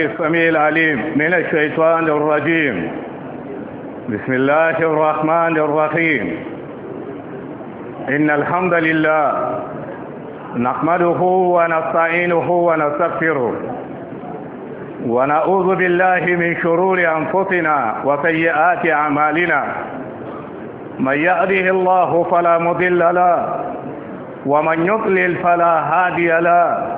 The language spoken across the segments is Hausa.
الله السميع العليم من الشيطان الرجيم بسم الله الرحمن الرحيم إن الحمد لله نحمده ونستعينه ونستغفره ونعوذ بالله من شرور أنفسنا وسيئات أعمالنا من يأده الله فلا مضل له ومن يضلل فلا هادي له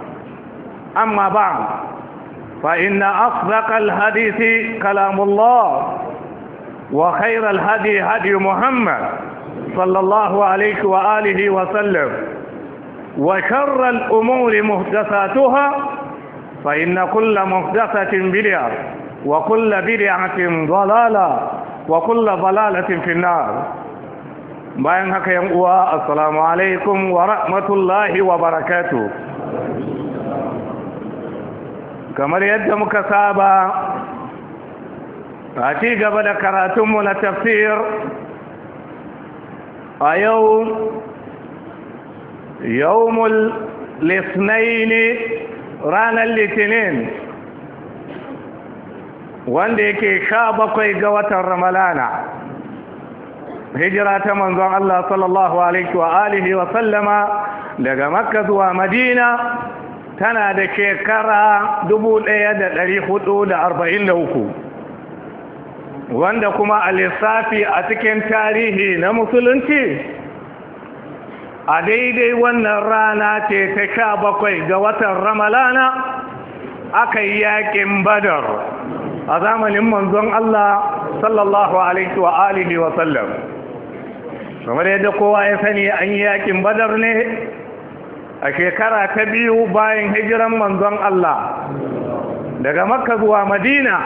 أما بعد فإن أصدق الحديث كلام الله وخير الهدي هدي محمد صلى الله عليه وآله وسلم وشر الأمور محدثاتها فإن كل محدثة بدعة وكل بدعة ضلالة وكل ضلالة في النار بينك يا السلام عليكم ورحمة الله وبركاته kamar yadda muka saba a ci gaba da karatunmu na tafsir a yau yawmul lisnaini ranar litinin wanda yake sha bakwai ga watan ramalana hijira ta manzon Allah sallallahu alaihi wa alihi wa sallama daga makka zuwa madina tana da shekara 1443 wanda kuma a lissafi a cikin tarihi na musulunci a daidai wannan rana ce ta sha bakwai ga watan ramalana aka yi yakin badar a zamanin manzon Allah sallallahu alaihi wa alihi wa sallam kamar yadda kowa ya sani an yi yakin badar ne a shekara ta biyu bayan hijiran manzon Allah daga makka zuwa madina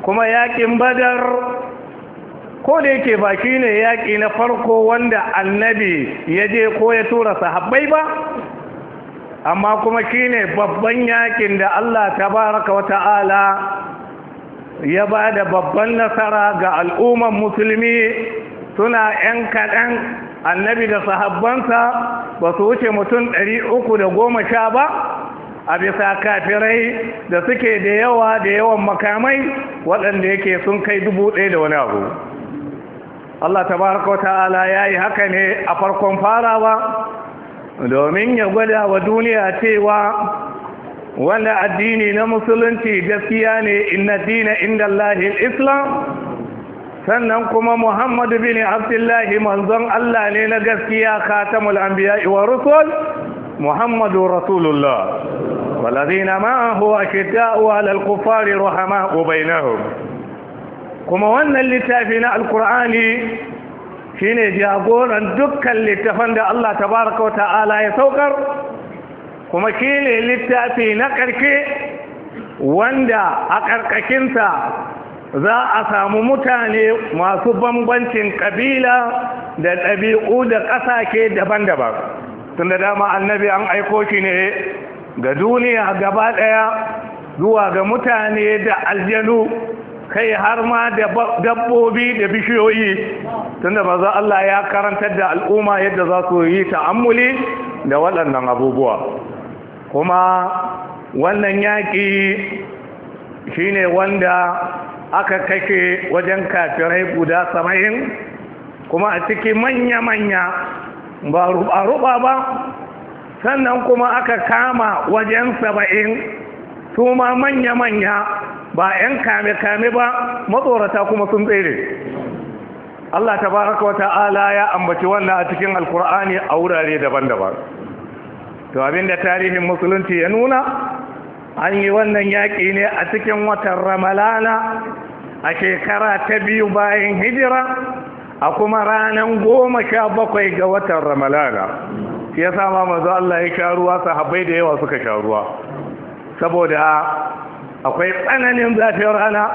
kuma yakin badar ko da yake ba shi ne yaƙi na farko wanda annabi ya je ko ya tura sahabbai ba amma kuma shi ne babban yaƙin da Allah ta wa ta'ala ya ba da babban nasara ga al'umman musulmi suna 'yan kaɗan annabi da sahabbansa ba su wuce mutum ɗari uku da goma sha ba a bisa kafirai da suke da yawa da yawan makamai waɗanda yake sun kai dubu ɗaya da wani abu Allah tabaraka ta'ala ya yi haka ne a farkon farawa domin ya gwada wa duniya cewa wanda addini na musulunci gaskiya ne inna dina inda Allahil Islam sannan kuma muhammadu bini abdullahi manzon Allah ne na gaskiya katamul anbiya wa rusul muhammadu rasulullah walazina ma'ahu ashidda'u ala alkufari rahama'u bainahum kuma wannan littafi na alkur'ani shine jagoran dukkan littafan da Allah tabaraka wa ya saukar kuma shine littafi na ƙarfe wanda a ƙarƙashinsa za a samu mutane masu bambancin kabila da ɗabi'u da ƙasashe daban-daban tun da dama annabi an aiko shi ne ga duniya gaba ɗaya zuwa ga mutane da aljanu kai har ma da dabbobi da bishiyoyi tunda maza Allah ya karantar da al'umma yadda za su yi ta'ammuli da waɗannan abubuwa kuma wannan yaƙi shine wanda aka kashe wajen kafirai guda sama'in kuma a ciki manya-manya ba ruba ba sannan kuma aka kama wajen saba'in su ma manya-manya ba 'yan kame-kame ba matsorata kuma sun tsere Allah ta baraka wa ta'ala ya ambaci wannan a cikin alkur'ani a wurare daban-daban to abinda tarihin musulunci ya nuna an yi wannan yaƙi ne a cikin watan ramalana a shekara ta biyu bayan hijira a kuma ranar goma sha bakwai ga watan ramalana ya sama mazu Allah ya sha ruwa sahabbai da yawa suka sha ruwa saboda akwai tsananin zafin rana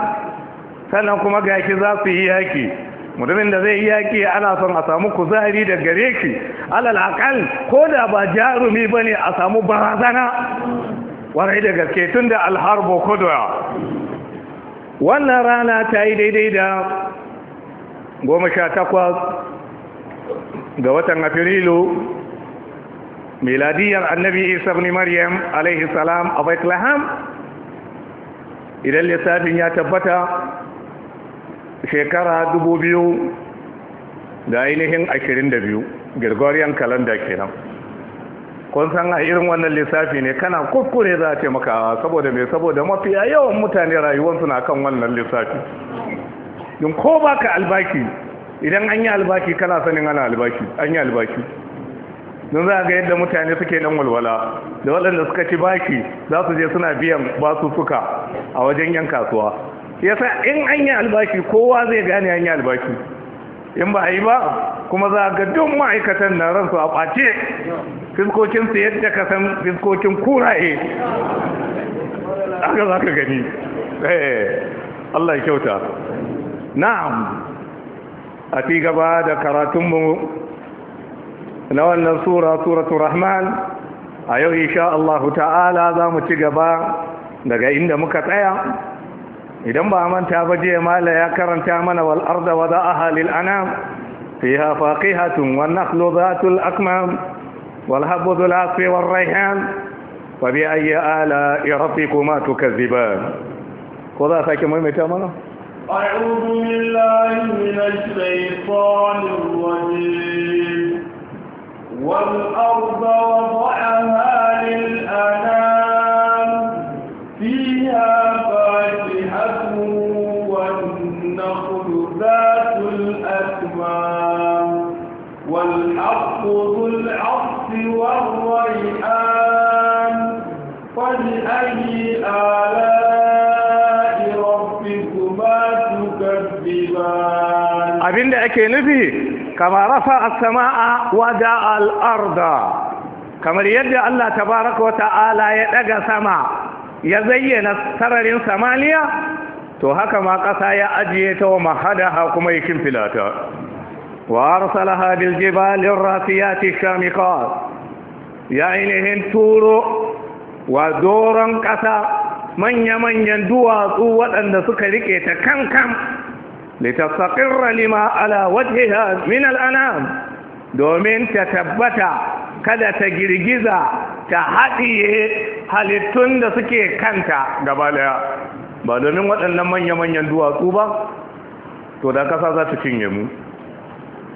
sannan kuma gashi za su yi yaƙi mutumin da zai yi yaƙi ana son a samu kuzari da gare shi alal akal ko da ba jarumi ba ne a samu barazana warai da gaske tun da alharbo kodowa wannan rana ta yi daidai da goma sha takwas ga watan afirilu miladiyar annabi isa ni maryam alaihi salam a bethlehem idan lissafin ya tabbata shekara dubu biyu da ainihin ashirin da biyu gregorian kalanda kenan kun san a irin wannan lissafi ne kana kuskure za a ce maka saboda mai saboda mafiya yawan mutane rayuwarsu na kan wannan lissafi yin ko baka albaki idan an yi albaki kana sanin ana albaki an yi albaki don za a ga yadda mutane suke dan walwala da waɗanda suka ci baki za su je suna biyan su suka a wajen yan kasuwa yasa in an yi albaki kowa zai gane an yi albaki in ba a yi ba kuma za ga duk ma'aikatan na ransu a ɓace fiskokinsu yadda ka san fiskokin kuraye aka za ka gani eh, Allah ya kyauta na'am a fi gaba da karatunmu na wannan sura suratu rahman a yau insha Allah ta'ala za mu ci gaba daga inda muka tsaya idan ba manta ba je mala ya karanta mana wal arda wa da'aha lil anam fiha faqihatun wan nakhlu dhatul akmam wal habu dhul asfi wal rayhan wa bi ayyi ala rabbikuma tukazziban ko za sake maimaita mana a'udhu أعوذ بالله من الشيطان الرجيم والأرض وضعها ake nufi kama rafa as-sama'a wa da'a kamar yadda Allah tabaraka wa ta'ala ya daga sama ya zayyana sararin samaniya to haka ma ƙasa ya ajiye ta wa mahadaha kuma ya kimfila ta wa arsalaha bil jibali rasiyati shamiqat ya ainihin turo wa doron ƙasa manya-manyan duwatsu waɗanda suka rike ta kankan litastaqirra lima ala wajhiha min al'anam domin ta tabbata kada ta girgiza ta haɗiye halittun da suke kanta gaba daya ba domin waɗannan manya-manyan duwatsu ba to da ƙasa za ta cinye mu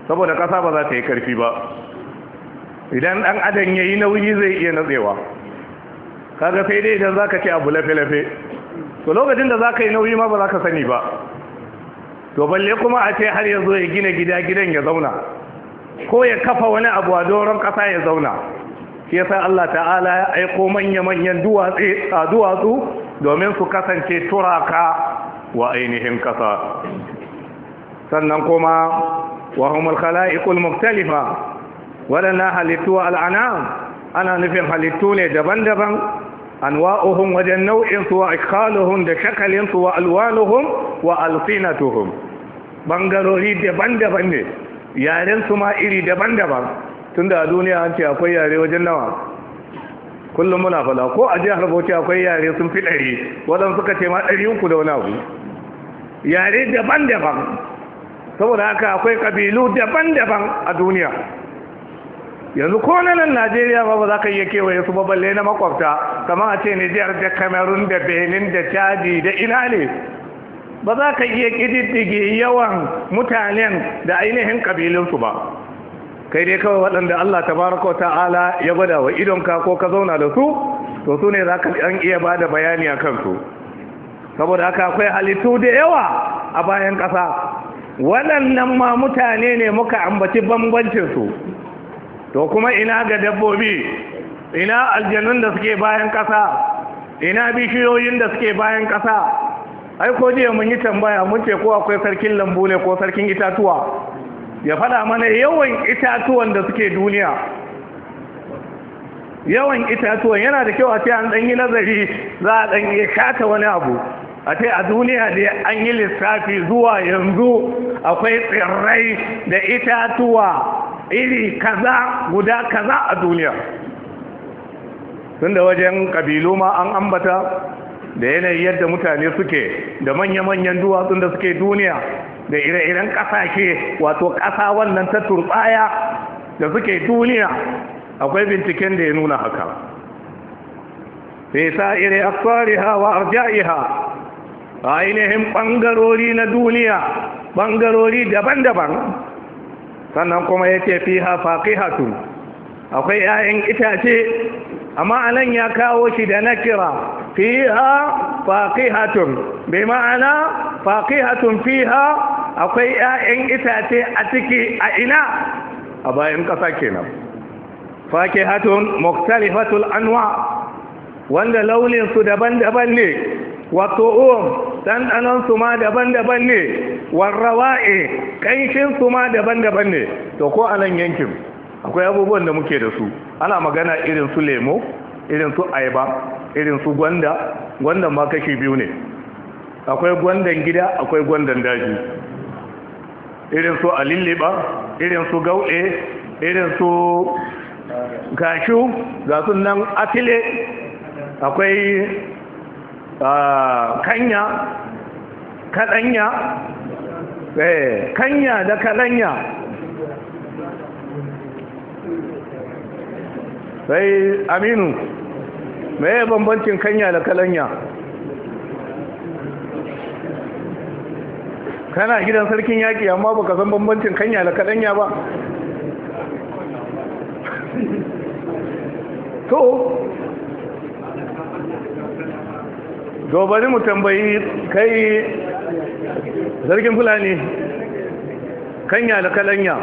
saboda ƙasa ba za ta yi ƙarfi ba idan ɗan adam ya yi nauyi zai iya natsewa kaga sai dai idan za ka ce abu lafe-lafe to lokacin da za ka yi nauyi ma ba za ka sani ba to balle kuma a ce har ya zo ya gina gida gidan ya zauna ko ya kafa wani abu a doron ƙasa ya zauna shi yasa Allah ta'ala ya aiko manya-manyan duwatsu domin su kasance turaka wa ainihin ƙasa sannan kuma wa humul khala'iqul mukhtalifa wadannan halittu al'ana ana nufin halittu ne daban-daban anwa'uhum wajen nau'in su wa ikhaluhum da shakalin su wa alwanuhum wa alsinatuhum bangarori daban-daban ne yaren su ma iri daban-daban tunda a duniya an ce akwai yare wajen nawa kullum muna fada ko a jihar Bauchi akwai yare sun fi ɗari wadan suka ce ma ɗari uku da wani abu yare daban-daban saboda haka akwai ƙabilu daban-daban a duniya yanzu ko na nan najeriya ba ba za ka iya kewaye su ba balle na makwabta kamar a ce nijar da kamerun da benin da chadi da ina ne ba za ka iya ƙididdige yawan mutanen da ainihin ƙabilinsu ba kai dai kawai waɗanda allah baraka wa ta'ala ya gwada wa idonka ko ka zauna da su to su ne za ka ɗan iya ba da bayani a kansu saboda haka akwai halittu da yawa a bayan ƙasa waɗannan ma mutane ne muka ambaci bambancinsu to kuma ina ga dabbobi ina aljanun da suke bayan ƙasa ina bishiyoyin da suke bayan kasa ai ko jiya mun yi tambaya mun ce ko akwai sarkin lambu ne ko sarkin itatuwa ya faɗa mana yawan itatuwan da suke duniya yawan itatuwan yana da kyau a ce an yi nazari za a ɗan iya shata wani abu a ce a duniya da an yi lissafi zuwa yanzu akwai tsirrai da itatuwa iri kaza guda kaza a duniya tunda wajen kabilu ma an ambata da yanayi yadda mutane suke da manya-manyan duwatsun da suke duniya da ire-iren kasashe wato ƙasa wannan ta turbaya da suke duniya akwai binciken da ya nuna haka fesa sa ire aksariha wa iha? ainihin ɓangarori na duniya ɓangarori daban-daban sannan kuma ya ce fi hafaƙi hatu akwai ‘ya'yan itace amma anan ya kawo shi da na kira, fiha faqihatun bai ma'ana fi fiha akwai 'ya'yan itace a ciki a ina a bayan ƙasa kenan faqihatun mukhtalifatul anwa wanda launin su daban-daban ne wato um ɗanɗanon su ma daban-daban ne warrawa'e ƙanshin su ma daban-daban ne to ko a nan yankin akwai abubuwan da muke da su ana magana irin su lemo irin su ayaba irin su gwanda gwandan ma kashi biyu ne akwai gwandan gida akwai gwandan daji irin su alilliba irin su gauɗe irin su gashu ga nan atile akwai Ah, kanya kaɗanya eh, kanya da kaɗanya sai aminu mai bambancin kanya da kaɗanya kana gidan sarkin yaƙi amma baka san bambancin kanya da kaɗanya ba to Dobari mu tambayi kai zargin fulani kanya da kalanya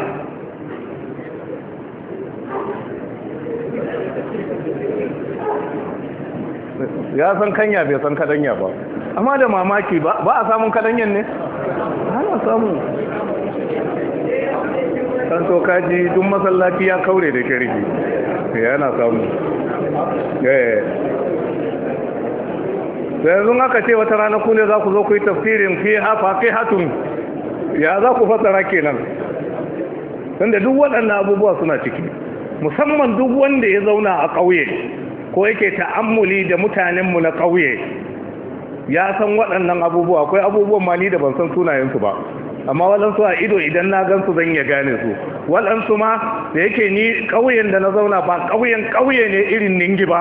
ya san kanya bai san kadanya ba amma da mamaki ba a samun kadanyan ne ana samu san so kaji duk masallaci ya kaure da shirki yana samu eh. yanzu aka ce wata rana ku ne za ku zo ku yi tafsirin fi hafa kai hatun ya za ku fasara kenan tunda duk waɗannan abubuwa suna ciki musamman duk wanda ya zauna a ƙauye ko yake ta'ammuli da mutanenmu na ƙauye ya san waɗannan abubuwa akwai abubuwan mani da ban san sunayensu ba amma waɗansu a ido idan na gansu zan iya gane su waɗansu ma da yake ni ƙauyen da na zauna ba ƙauyen ƙauye ne irin ningi ba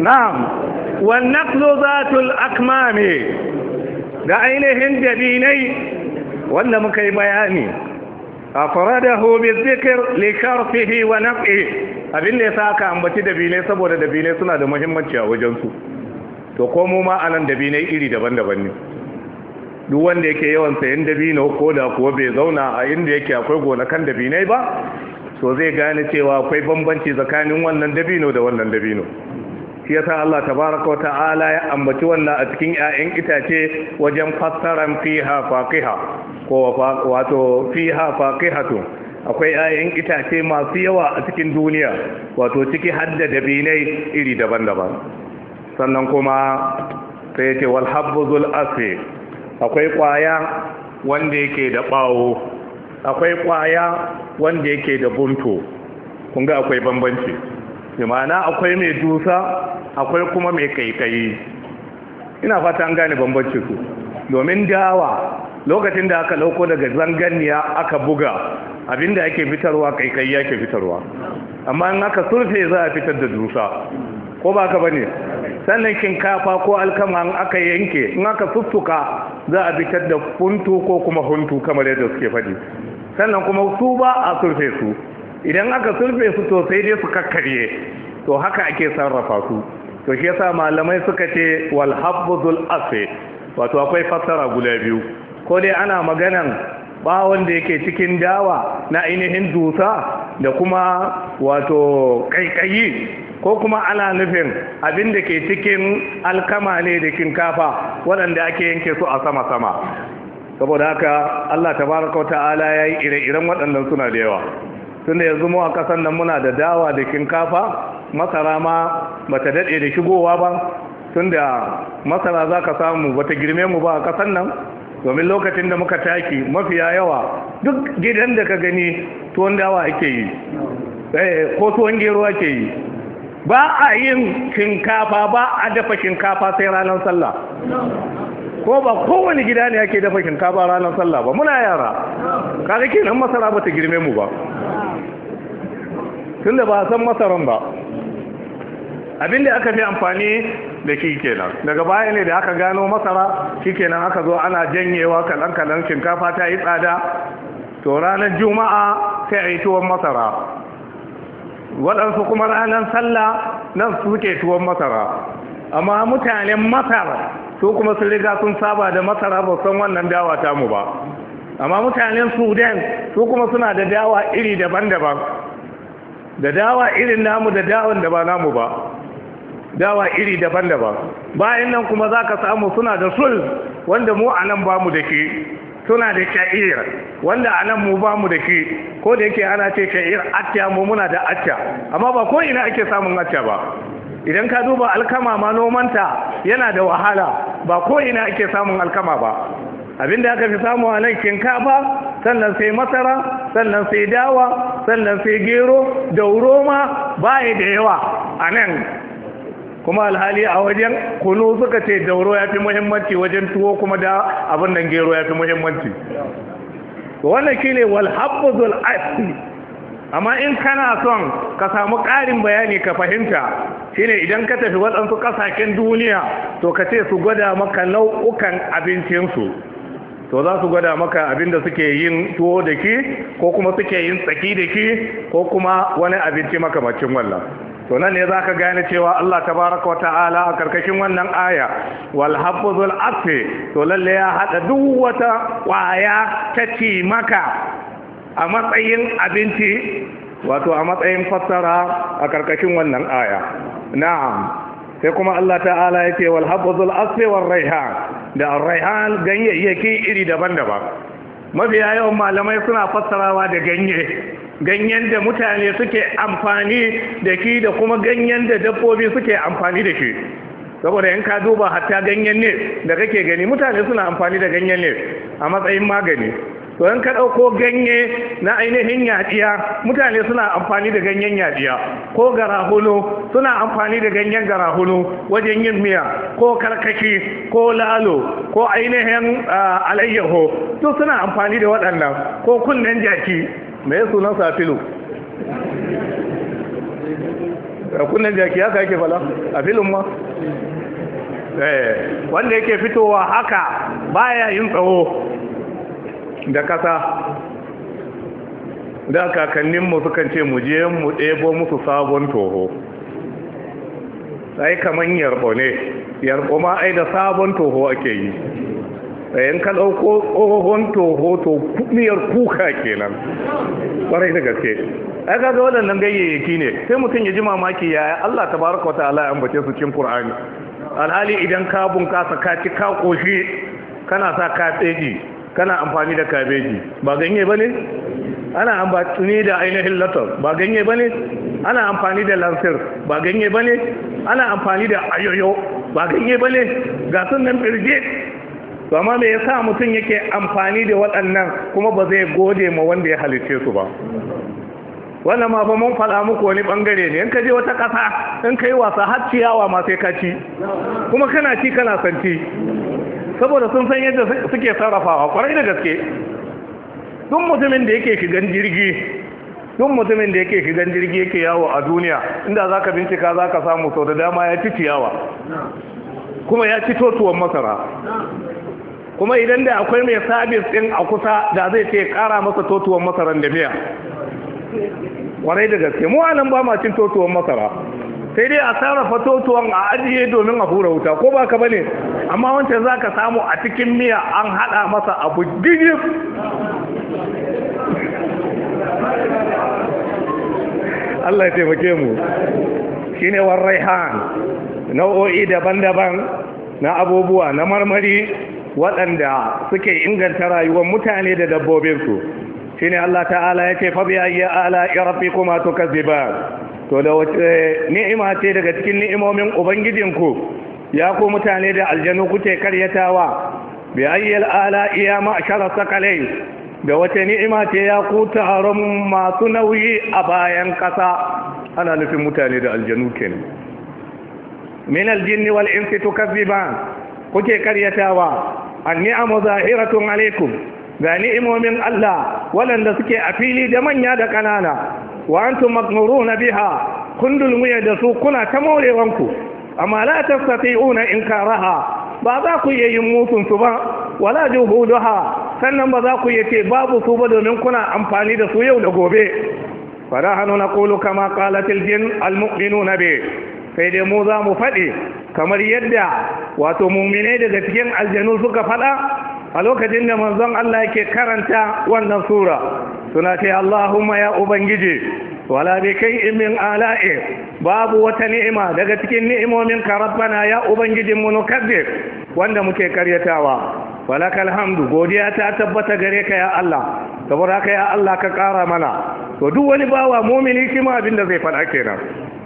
na'am wannan zatul akmame da ainihin dabinai wanda muka yi bayani a faradahu bi zikir likarfihi wa naf'i abin da sa aka ambaci dabinai saboda dabinai suna da muhimmanci a wajensu to komo ma anan dabinai iri daban-daban ne duk wanda yake yawan sayan dabino ko da kuwa bai zauna a inda yake akwai gonakan dabinai ba to zai gane cewa akwai bambanci tsakanin wannan dabino da wannan dabino shi yasa Allah tabaraka ta'ala ya ambaci wannan a cikin 'ya'yan itace wajen fassaran fiha faqiha ko wato fiha faqihatu akwai 'ya'yan itace masu yawa a cikin duniya wato ciki hadda dabinai iri daban-daban sannan kuma sai yace wal habbuzul asfi akwai kwaya wanda yake da bawo akwai kwaya wanda yake da bunto kun ga akwai bambanci ma'ana akwai mai dusa akwai kuma mai kaikayi ina fata an gane bambanci su domin dawa lokacin da aka lauko daga zanganiya aka buga abinda ake fitarwa kaikayi yake fitarwa amma in aka surfe za a fitar da dusa ko ba ka bane sannan shinkafa ko alkama in aka yanke in aka suttuka za a fitar da funtu ko kuma huntu kamar yadda suke faɗi sannan kuma su ba a surfe su idan aka surfe su to sai dai su kakkarye to haka ake sarrafa su to shi yasa malamai suka ce wal habbuzul asfi wato akwai fassara guda biyu ko dai ana maganan bawon da yake cikin dawa na ainihin dusa da kuma wato kaikayi ko kuma ana nufin abin da ke cikin alkama ne da shinkafa waɗanda ake yanke su a sama-sama saboda haka Allah tabaraka ta'ala yayi ire-iren waɗannan suna da yawa tunda yanzu mu a kasan nan muna da dawa da kinkafa masara ma bata daɗe da shigowa ba tunda masara zaka samu bata girme mu ba a kasan nan domin lokacin da muka taki mafiya yawa duk gidan da ka gani tuwon dawa ake yi eh, ko tuwon gero ake yi ba a yin shinkafa ba a dafa shinkafa sai ranar sallah ko ba kowane gida ne ake dafa shinkafa ranar sallah ba muna yara kaga kenan masara ba ta girme mu ba tunda ba san masaran ba abin da aka fi amfani da shi kenan daga baya ne da aka gano masara shi kenan aka zo ana janyewa kalan-kalan shinkafa ta yi tsada to ranar juma'a sai a yi tuwon masara waɗansu kuma ranar sallah nan suke tuwon masara amma mutanen masara su kuma sun riga sun saba da masara ba san wannan dawa ta mu ba amma mutanen sudan su kuma suna da dawa iri daban-daban da dawa irin namu da dawan da ba namu ba dawa iri daban-daban bayan nan kuma za ka samu suna da sul wanda mu a nan ba mu da ke suna da sha'ir wanda a nan mu ba mu da ke ko da yake ana ce sha'ir atya mu muna da atya amma ba ko ina ake samun atya ba idan ka duba alkama ma nomanta yana da wahala ba ko ina ake samun alkama ba abinda aka fi samu a nan shinkafa sannan sai masara sannan sai dawa sannan sai gero da ba baya da yawa a nan kuma alhali a wajen kunu suka ce dauro ya fi muhimmanci wajen tuwo kuma da abin nan gero ya fi muhimmanci wannan shine walhabbazul asli amma in kana son ka samu ƙarin bayani ka fahimta shine idan ka tafi waɗansu ƙasashen duniya to ka ce su gwada maka nau'ukan abincinsu to za su gwada maka abinda suke yin tuwo da ki ko kuma suke yin tsaki da ki ko kuma wani abinci makamacin wannan to nan ne za ka gane cewa Allah Ta baraka wa ta'ala a karkashin wannan aya wal hafzul to lalle ya haɗa duk wata ƙwaya ta ci maka a matsayin abinci wato a matsayin fassara a karkashin wannan aya na'am sai kuma Allah ta'ala ya ce wal habzul asfi wal raihan da raihan ganyayyaki iri daban-daban mafiya yawan malamai suna fassarawa da ganye ganyen da mutane suke amfani da shi da kuma ganyen da dabbobi suke amfani da shi saboda in ka duba hatta ganyen ne da kake gani mutane suna amfani da ganyen ne a matsayin magani to in ka ɗauko ganye na ainihin yadiya mutane suna amfani da ganyen yadiya ko garahulu suna amfani da ganyen garahulu wajen yin miya ko karkashi ko lalo ko ainihin ah, alayyaho to suna amfani da waɗannan ko kunnen jaki mai sunan safilu kunnen jaki haka yake fala a filin ma eh, wanda yake fitowa haka baya yin tsawo da kasa da kakanninmu sukan ce mu je mu ɗebo musu sabon toho sai kaman yarbo ne yarbo ma ai da sabon toho ake yi sayan ka ɗauko tsohon toho to miyar kuka kenan ƙwarai da gaske ai ga waɗannan gayyayyaki ne sai mutum ya ji mamaki yaya Allah baraka wata ala ya ambace su cikin Qur'ani alhali idan ka bunkasa ka ci ka koshi kana sa ka kana amfani da kabeji ba ganye ba ne ana amfani da ainihin latar ba ganye ba ne ana amfani da lansir ba ganye ba ne ana amfani da ayoyo ba ganye ba ne ga nan birge amma me yasa mutum yake amfani da waɗannan kuma ba zai gode ma wanda ya halice su ba wannan ma fa mun faɗa muku wani bangare ne in ka je wata ƙasa in ka yi wasa har ciyawa ma sai ka ci kuma kana ci kana santi saboda sun san yadda suke sarrafawa kwarai da gaske duk mutumin da yake shigan jirgi duk mutumin da yake shigan jirgi yake yawo a duniya inda za ka bincika za ka samu sau da dama ya ci ciyawa kuma ya ci totuwan masara kuma idan da akwai mai sabis ɗin a kusa da zai ce ƙara masa totuwan masaran da miya kwarai da gaske mu anan ba ma cin totuwan masara sai dai a sarrafa totuwan a ajiye domin a hura wuta ko ba ka ba ne. amma wancan za ka samu a cikin miya an haɗa masa abu digif Allah ya taimake mu shi ne warraihan nau'o'i daban-daban na abubuwa na marmari waɗanda suke inganta rayuwar mutane da dabbobinsu shi ne Allah ta'ala ya ce fabi ayyar ala rafi kuma tuka ba. to da wace eh, ni'ima ce daga cikin ni'imomin ubangijinku ya ku mutane da aljanu kuke karyatawa bi ayyal ala iya ma shara sakalai da wace ni'ima ce ya ku taron masu nauyi a bayan kasa ana nufin mutane da aljanu kenan min aljin wal insi tukazziban kuke karyatawa an ni'amu zahiratun alaikum ga ni'imomin Allah waɗanda suke a fili da manya da ƙanana wa antum na biha kun dulmuye da su kuna ta morewanku amma la tastati'una inkaraha ba za ku iya yin mutun su ba wala juhuduha sannan ba za ku iya ce babu su ba domin kuna amfani da su yau da gobe فنحن نقول كما قالت almuminu na be. sai dai mu za mu faɗi kamar yadda wato mummine daga cikin aljanu suka faɗa a lokacin da manzon Allah yake karanta wannan sura suna ce Allahumma ya ubangiji wala bi kai Imin ala'i babu wata ni'ima daga cikin ni'imomin ka rabbana ya ubangijin mu nukabbir wanda muke karyatawa walakal hamdu godiya ta tabbata gare ka ya Allah saboda ka ya Allah ka kara mana to duk wani bawa mu'mini shi ma abin da zai faɗa kenan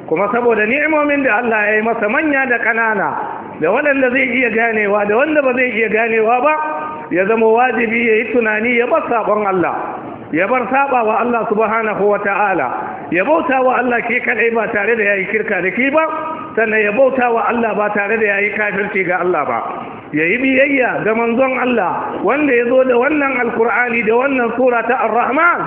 kuma saboda ni'imomin da Allah ya yi masa manya da ƙanana da waɗanda zai iya ganewa da wanda ba zai iya ganewa ba ya zama wajibi ya yi tunani ya bar sabon Allah ya bar saba wa Allah subhanahu wa ta'ala ya bauta wa Allah ke kadai ba tare da yi kirka da ki ba sannan ya bauta wa Allah ba tare da yayi kafirci ga Allah ba ya yi biyayya ga manzon Allah wanda ya zo da wannan alkur'ani da wannan sura ta ar-rahman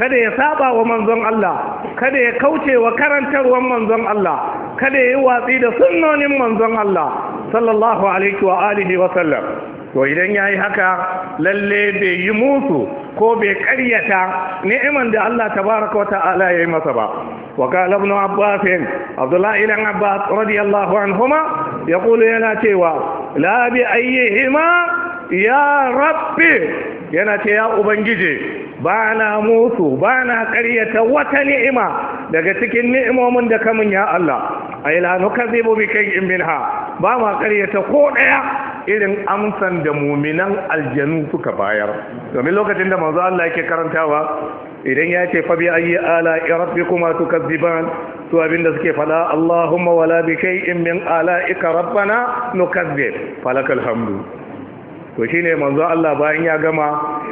kada ya saba wa manzon Allah kada ya kauce wa karantarwar manzon Allah kada ya yi watsi da sunnonin manzon Allah sallallahu alaihi wa alihi wa sallam to idan ya yi haka lalle bai yi musu ko bai karyata ni'iman da Allah tabaraka wa ta'ala ya yi masa ba وقال ابن عباس عبد الله بن عباس رضي الله عنهما يقول ينا تيوا لا ya يا ربي ينا ubangije. Bana بانا bana بانا wata ni'ima daga cikin ni'imomin da kamun ya Allah ai la nukazzibu bi kay'in minha ba ma karyata ko daya irin amsan da muminan aljanu suka bayar domin lokacin da manzo Allah yake karantawa idan ya ce fa bi ayi ala kuma rabbikuma tukazziban to abinda suke fada Allahumma wala bi in min ala ala'ika rabbana nukazzib falakal hamdu to shine manzo Allah bayan ya gama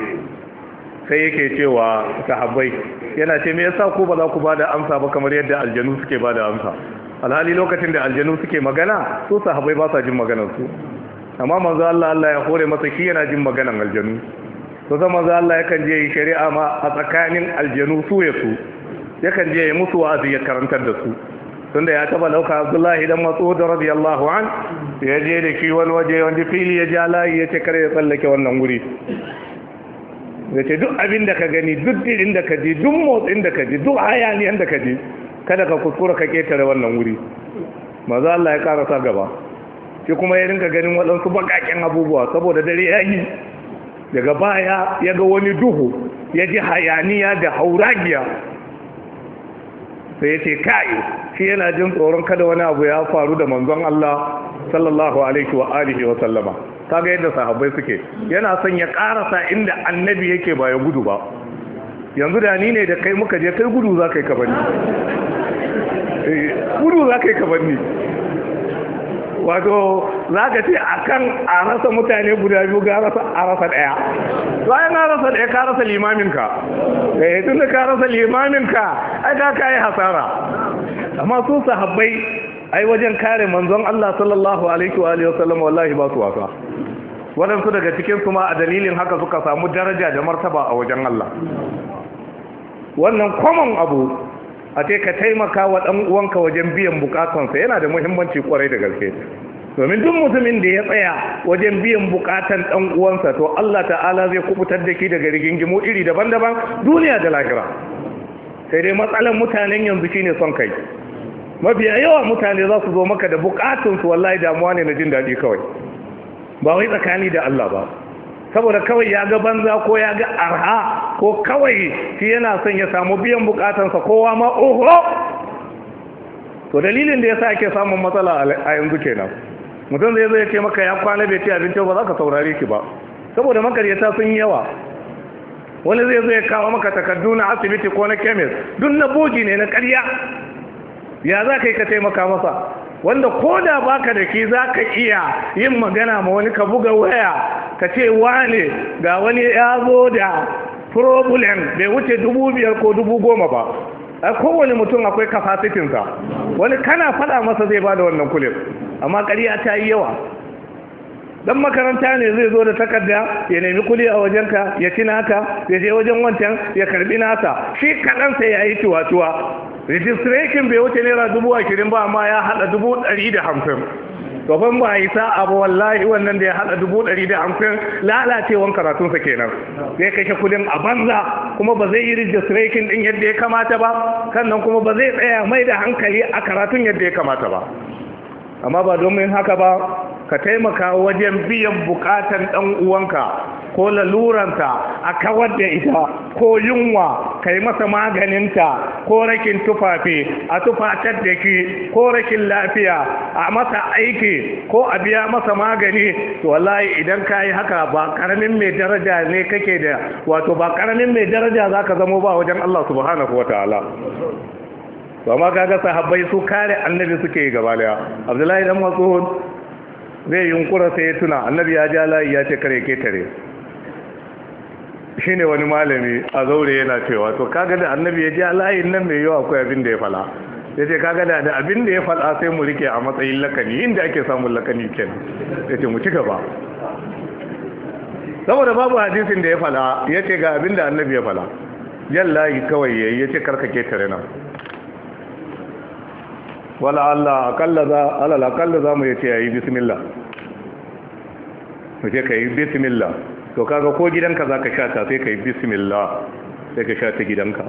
sai yake cewa sahabbai yana ce me yasa ku ba za ku bada amsa ba kamar yadda aljanu suke bada amsa alhali lokacin da aljanu suke magana su sahabbai ba sa jin maganar su amma manzo Allah Allah ya hore masa shi yana jin maganar aljanu to zama za Allah yakan je yi shari'a ma a tsakanin aljanu su ya su yakan je ya musu wa'azi ya karantar da su tunda ya taba lauka Abdullahi dan da radiyallahu an ya je da shi wani waje wanda fili ya ja layi ya ce kare ya tsallake wannan wuri. ya ce duk abin da ka gani duk dirin da ka ji duk motsin da ka ji duk hayaniyan da ka ji kada ka kuskura ka ketare wannan wuri maza Allah ya karasa gaba shi kuma ya rinka ganin waɗansu baƙaƙen abubuwa saboda dare ya yi daga baya ya ga wani duhu ya ji hayaniya da hauragiya sai ya ce kai shi yana jin tsoron kada wani abu ya faru da manzon Allah sallallahu alaihi wa alihi wa sallama kaga yadda sahabbai suke yana son ya karasa inda annabi yake baya gudu ba yanzu da ni ne da kai muka je kai gudu za ka eh, gudu za ka yi kabanni wato za ka ce a kan a rasa mutane guda biyu ga a rasa ɗaya bayan a rasa ɗaya ka rasa limaminka da eh, ya da ka rasa limaminka ai ka kayi hasara amma su sahabbai ai wajen kare manzon Allah sallallahu alaihi wa sallam wallahi ba su wasa waɗansu daga cikinsu ma a dalilin haka suka samu daraja da martaba a wajen Allah wannan kwamon abu a ce ka taimaka wa ɗan uwanka wajen biyan bukatansa yana da muhimmanci kwarai da gaske domin duk mutumin da ya tsaya wajen biyan bukatan ɗan uwansa to Allah ta'ala zai kubutar da ke daga rigingimu iri daban-daban duniya da lahira sai dai matsalan mutanen yanzu ne son kai mafiya yawa mutane za su zo maka da bukatunsu wallahi damuwa ne na jin daɗi kawai ba wai tsakani da Allah ba saboda kawai ya ga banza ko ya ga arha ko kawai shi yana son ya samu biyan bukatansa kowa ma oho to dalilin da ya sa ake samun matsala a yanzu kenan mutum zai zai ce maka ya kwana bai ci abinci ba za ka saurare ki ba saboda makaryata sun yi yawa wani zai zai kawo maka takardu na asibiti ko na kemis duk na bogi ne na karya ya za ka yi ka taimaka masa wanda ko da baka da ke za ka iya yin magana ma wani ka buga waya ka ce wane ga wani ya zo da problem bai wuce dubu biyar ko dubu goma ba a kowane mutum akwai kafasitinsa wani kana faɗa masa zai ba da wannan kulin amma ƙarya ta yi yawa dan makaranta ne zai zo da takarda ya nemi kuli a wajenka ya ci naka ya je wajen wancan ya karbi nasa shi kaɗan sai ya yi tuwatuwa. tuwa registration bai wuce naira dubu ashirin ba amma ya haɗa dubu ɗari da hamsin to ban ba yi sa'a ba wallahi wannan da ya haɗa dubu ɗari da hamsin lalacewan karatunsa kenan zai kashe kudin a banza kuma ba zai yi registration ɗin yadda ya kamata ba sannan kuma ba zai tsaya mai da hankali a karatun yadda ya kamata ba amma ba domin haka ba ka taimaka wajen biyan bukatan ɗan uwanka ko laluranta a kawar da ita ko yunwa ka yi masa maganinta ko rakin tufafi a tufatar da ki ko rakin lafiya a masa aiki ko a biya masa magani to wallahi idan ka yi haka ba karamin mai daraja ne kake da wato ba karamin mai daraja za ka zamo ba wajen Allah subhanahu wa ta'ala ba ma kaga sahabbai su kare annabi suke gaba daya abdullahi dan mas'ud zai yunkura sai ya tuna annabi ya ja layi ya ce kare ketare ne wani malami a zaure yana cewa to kaga da annabi ya ja layin nan mai yau akwai abin da ya fala ya ce kaga da da abin da ya fala sai mu rike a matsayin lakani inda ake samun lakani kenan ya ce mu ci gaba saboda babu hadisin da ya fala ya ce ga abin da annabi ya fala yan kawai ya ya ce karka ketare nan wala Allah akalla za alal akalla za mu yace yayi bismillah mu ce kai bismillah to kaga ko gidanka zaka sha ta sai kai bismillah sai ka sha ta gidanka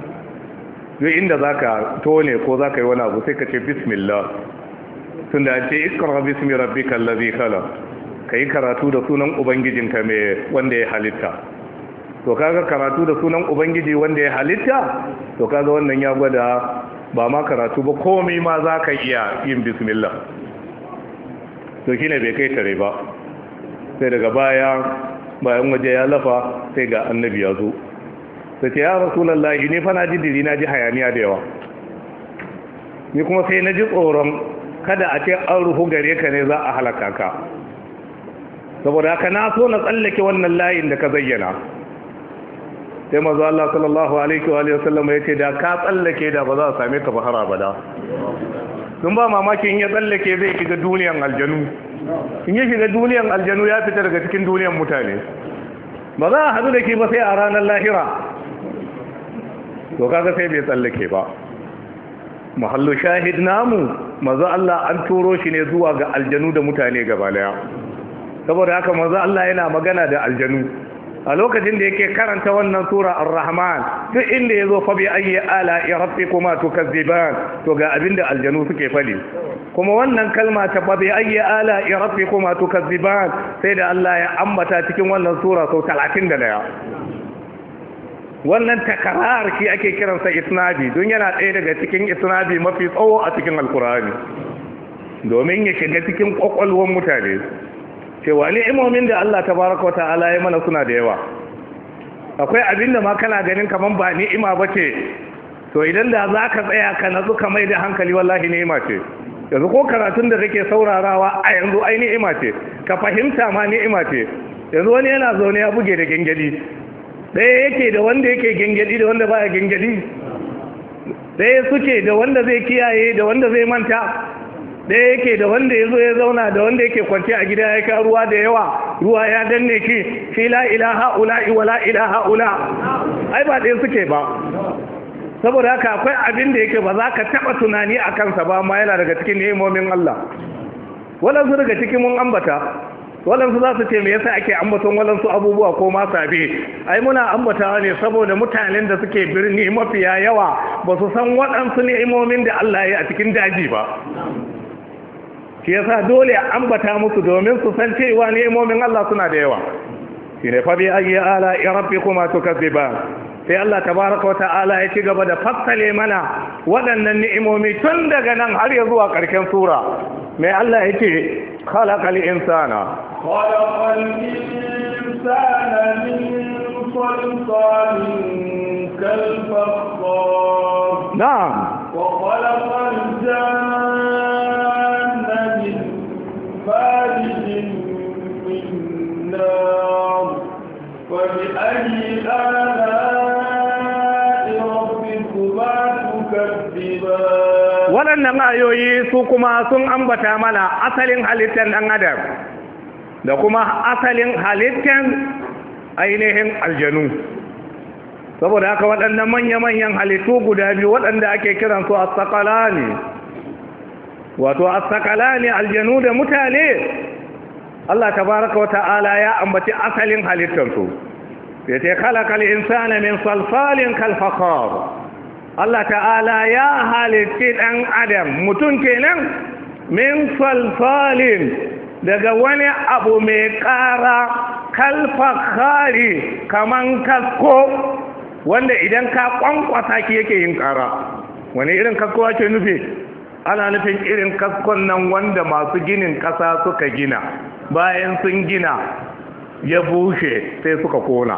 duk inda zaka tone ko zaka yi wani abu sai ka ce bismillah tunda an ce ikra bismi rabbika allazi khalaq kai karatu da sunan ubangijinka mai wanda ya halitta to kaga karatu da sunan ubangiji wanda ya halitta to kaga wannan ya gwada ba ma karatu ba komai ma za ka iya yin bismillah to ne bai kai tare ba sai daga baya bayan waje ya lafa sai ga annabi ya zo sai ce ya rasulullahi fa na ji na ji hayaniya da yawa ni kuma sai na ji tsoron kada a ce an ruhu gare ka ne za a halaka ka saboda haka na so na tsallake wannan layin da ka zayyana sai mazu Allah sallallahu alaihi wa sallam ya ce da ka tsallake da ba za a same ka ba har abada sun ba mamaki in ya tsallake zai shiga duniyan aljanu in ya shiga duniyan aljanu ya fita daga cikin duniyan mutane ba za a hadu da ke ba sai a ranar lahira to kaga sai bai tsallake ba mahallu shahid namu maza Allah an turo shi ne zuwa ga aljanu da mutane gaba daya saboda haka maza Allah yana magana da aljanu a lokacin da yake karanta wannan sura ar-rahman duk inda yazo fa bi ayyi ala rabbikuma tukazziban to ga abinda aljanu suke fadi kuma wannan kalma ta fa bi ayyi ala rabbikuma tukazziban sai da Allah ya ambata cikin wannan sura sau 31 wannan takarar ki ake kiransa isnadi don yana ɗaya daga cikin isnadi mafi tsawo a cikin alqur'ani domin ya shiga cikin kwakwalwar mutane cewa ni'imomin da Allah baraka wa ta'ala ya mana suna da yawa akwai abin da ma kana ganin kamar ba ni'ima ba ce. to idan da za ka tsaya ka nazu ka mai da hankali wallahi ni'ima ce yanzu ko karatun da kake saurarawa a yanzu ai ni'ima ce ka fahimta ma ni'ima ce yanzu wani yana zaune ya buge da gengedi ɗaya yake da wanda yake gengedi da wanda baya gengedi ɗaya suke da wanda zai kiyaye da wanda zai manta da yake da wanda ya zo ya zauna da wanda yake kwanci a gida ya ka ruwa da yawa ruwa ya danne ki fi la ilaha ula la ilaha ula ai ba ɗaya suke ba saboda haka akwai abin da yake ba za ka taɓa tunani a kansa ba ma yana daga cikin ni'imomin Allah waɗansu daga cikin mun ambata waɗansu za su ce me yasa ake ambaton waɗansu abubuwa ko ma sabe ai muna ambatawa ne saboda mutanen da suke birni mafiya yawa ba su san waɗansu ni'imomin da Allah ya yi a cikin daji ba shi yasa dole a ambata musu domin su san cewa ni'imomin Allah suna da yawa shi ne fa bi ayi ala rabbikuma tukazziba sai Allah tabaraka wa ta'ala ya ci gaba da fassale mana waɗannan ni'imomi tun daga nan har ya zuwa ƙarshen sura mai Allah yake khalaqal insana khalaqal insana min salsalin kalfakhar na'am wa khalaqal waɗannan ayoyi su kuma sun ambata mana asalin halittar ɗan adam da kuma asalin halittar ainihin aljanu saboda haka waɗannan manya-manyan halittu guda biyu waɗanda ake kiransu a sakala ne wato a sakala ne aljanu da mutane Allah tabaraka wa ta'ala ya ambaci asalin halittarsu ya ce kalakal insana min salsalin kalfakar Allah ta'ala ya halitti ɗan adam mutum kenan min salsalin daga wani abu mai ƙara kalfakari kaman kasko wanda idan ka kwankwasa ki yake yin ƙara wani irin kasko ke nufi ana nufin irin kaskon nan wanda masu ginin ƙasa suka gina bayan sun gina ya bushe sai suka kona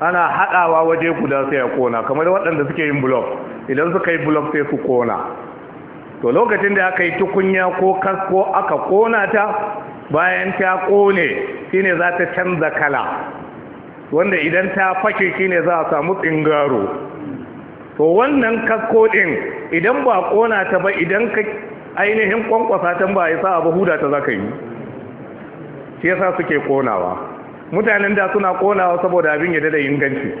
ana haɗawa waje guda sai ya kona kamar waɗanda suke yin blok idan suka yi blok sai su kona to lokacin da aka yi tukunya ko kasko aka kona ta bayan ta kone shine za ta canza kala wanda idan ta fake shine za a samu tsingaro to wannan kasko ɗin idan ba kona ta ba idan ka ainihin kwankwasa ta ba a yi sa abu huda ta za ka yi shi yasa suke konawa mutanen da suna konawa saboda abin ya da inganci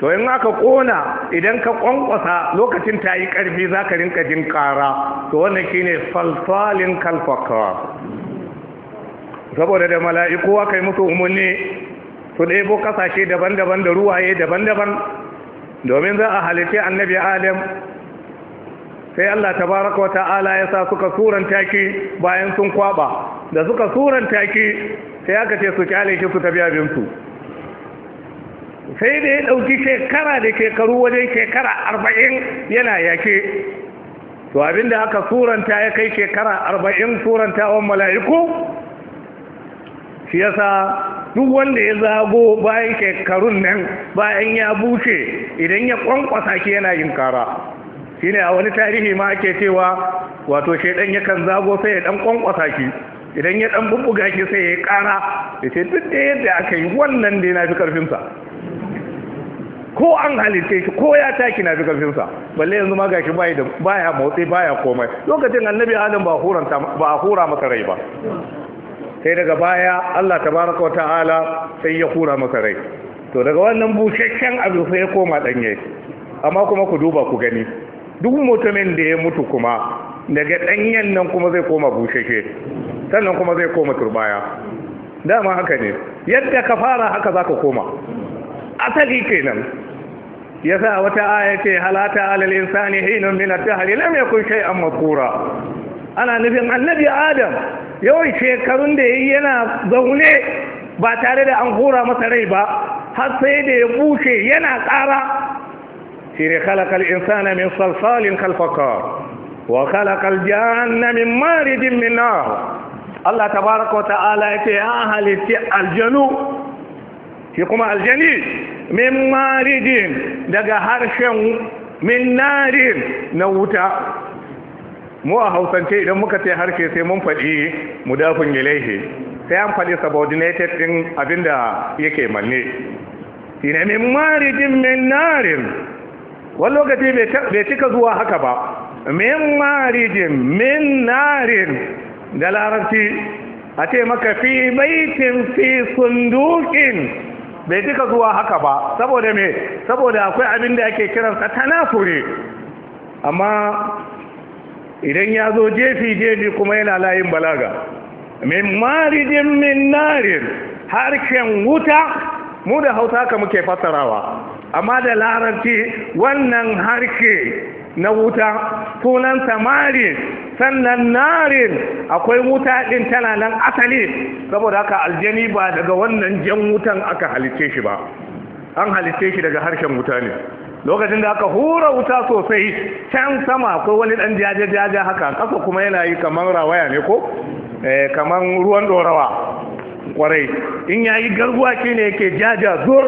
to in aka kona idan ka kwankwasa lokacin ta yi karfi za ka rinka jin kara to wannan shine falfalin kalfakawa saboda da mala'iku aka yi musu umarni su ɗebo kasashe daban-daban da ruwaye daban-daban domin za a halarci annabi adam sai Allah tabaraka wa ta'ala ya sa suka suranta ki bayan sun kwaɓa, da suka suranta ki sai aka ce su kyale shi su tafi abin sai da ya dauki shekara da shekaru wajen shekara arba'in yana yake to abin da aka suranta ya kai shekara arba'in surantawan mala'iku shi yasa duk wanda ya zago bayan shekarun nan bayan ya bushe idan ya kwankwasa ki yana yin kara shine a wani tarihi ma ake cewa wato shaidan yakan zago sai ya dan kwankwasa ki idan ya dan bubbuga ki sai ya kara ya ce duk da yadda aka yi wannan da ya fi karfinsa ko an halitta shi ko ya taki na fi karfinsa balle yanzu ma gashi baya motsi baya komai lokacin annabi adam ba a hura masa rai ba sai daga baya Allah ta tabaraka wa ta'ala sai ya hura masa rai to daga wannan bushashen abu sai ya koma danye amma kuma ku duba ku gani duk mutumin da ya mutu kuma daga ɗanyen nan kuma zai koma bushashe sannan kuma zai koma turbaya dama haka ne yadda ka fara haka za ka koma asali kenan ya sa wata aya ce halata alal insani hinun min at-tahri lam yakun shay'an mazkura ana nufin annabi adam yawan shekarun da yayi yana zaune ba tare da an kura masa rai ba har sai da ya bushe yana ƙara shine khalaqal insana min salsalin kal wa khalaqal janna min marijin min Allah Allah tabaraka ta'ala yake ya halitti aljanu shi kuma aljani min marijin daga harshen min narin na wuta mu a hausance idan muka ce harshe sai mun faɗi mudafin ilaihi sai an faɗi subordinated ɗin abinda yake manne shine min marijin min narin wani lokaci bai cika zuwa haka ba min marijin min narin da larabci a ce maka fi baitin fi sundukin bai cika zuwa haka ba saboda me saboda akwai abin da ake kiransa tanafure amma idan ya zo jefi-jefi kuma yana layin balaga min marijin min narin harshen wuta mu da hausa ka muke fassarawa amma da larabci wannan harke na wuta sunan samari sannan narin akwai wuta ɗin tana nan asali saboda haka aljani ba daga wannan jan wutan aka halice shi ba an halice shi daga harshen wuta ne lokacin da aka hura wuta sosai can sama akwai wani ɗan jajajaja haka ƙasa kuma yana yi kamar rawaya ne ko eh, kamar ruwan ɗorawa kwarai in yayi garguwa shi ne yake jaja zur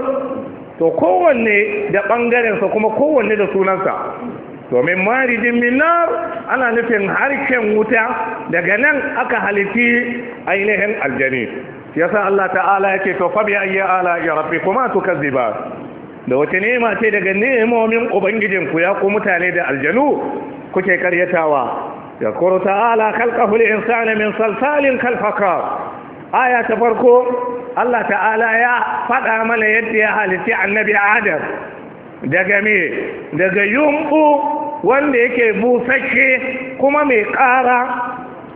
to kowanne da ɓangarensa kuma kowanne da sunansa domin maridin minar ana nufin harshen wuta daga nan aka halitti ainihin aljani yasa Allah ta'ala yake to fa bi ayyi ala ya rabbikuma ba. da wata nema ce daga nemomin ubangijin ku ya ku mutane da aljanu kuke karyatawa ya kuru ta'ala khalqahu al-insana min salsalin kalfakar aya ta farko Allah ta'ala ya faɗa mana yadda ya halitti annabi adam daga me daga yumbu wanda yake busashe kuma mai ƙara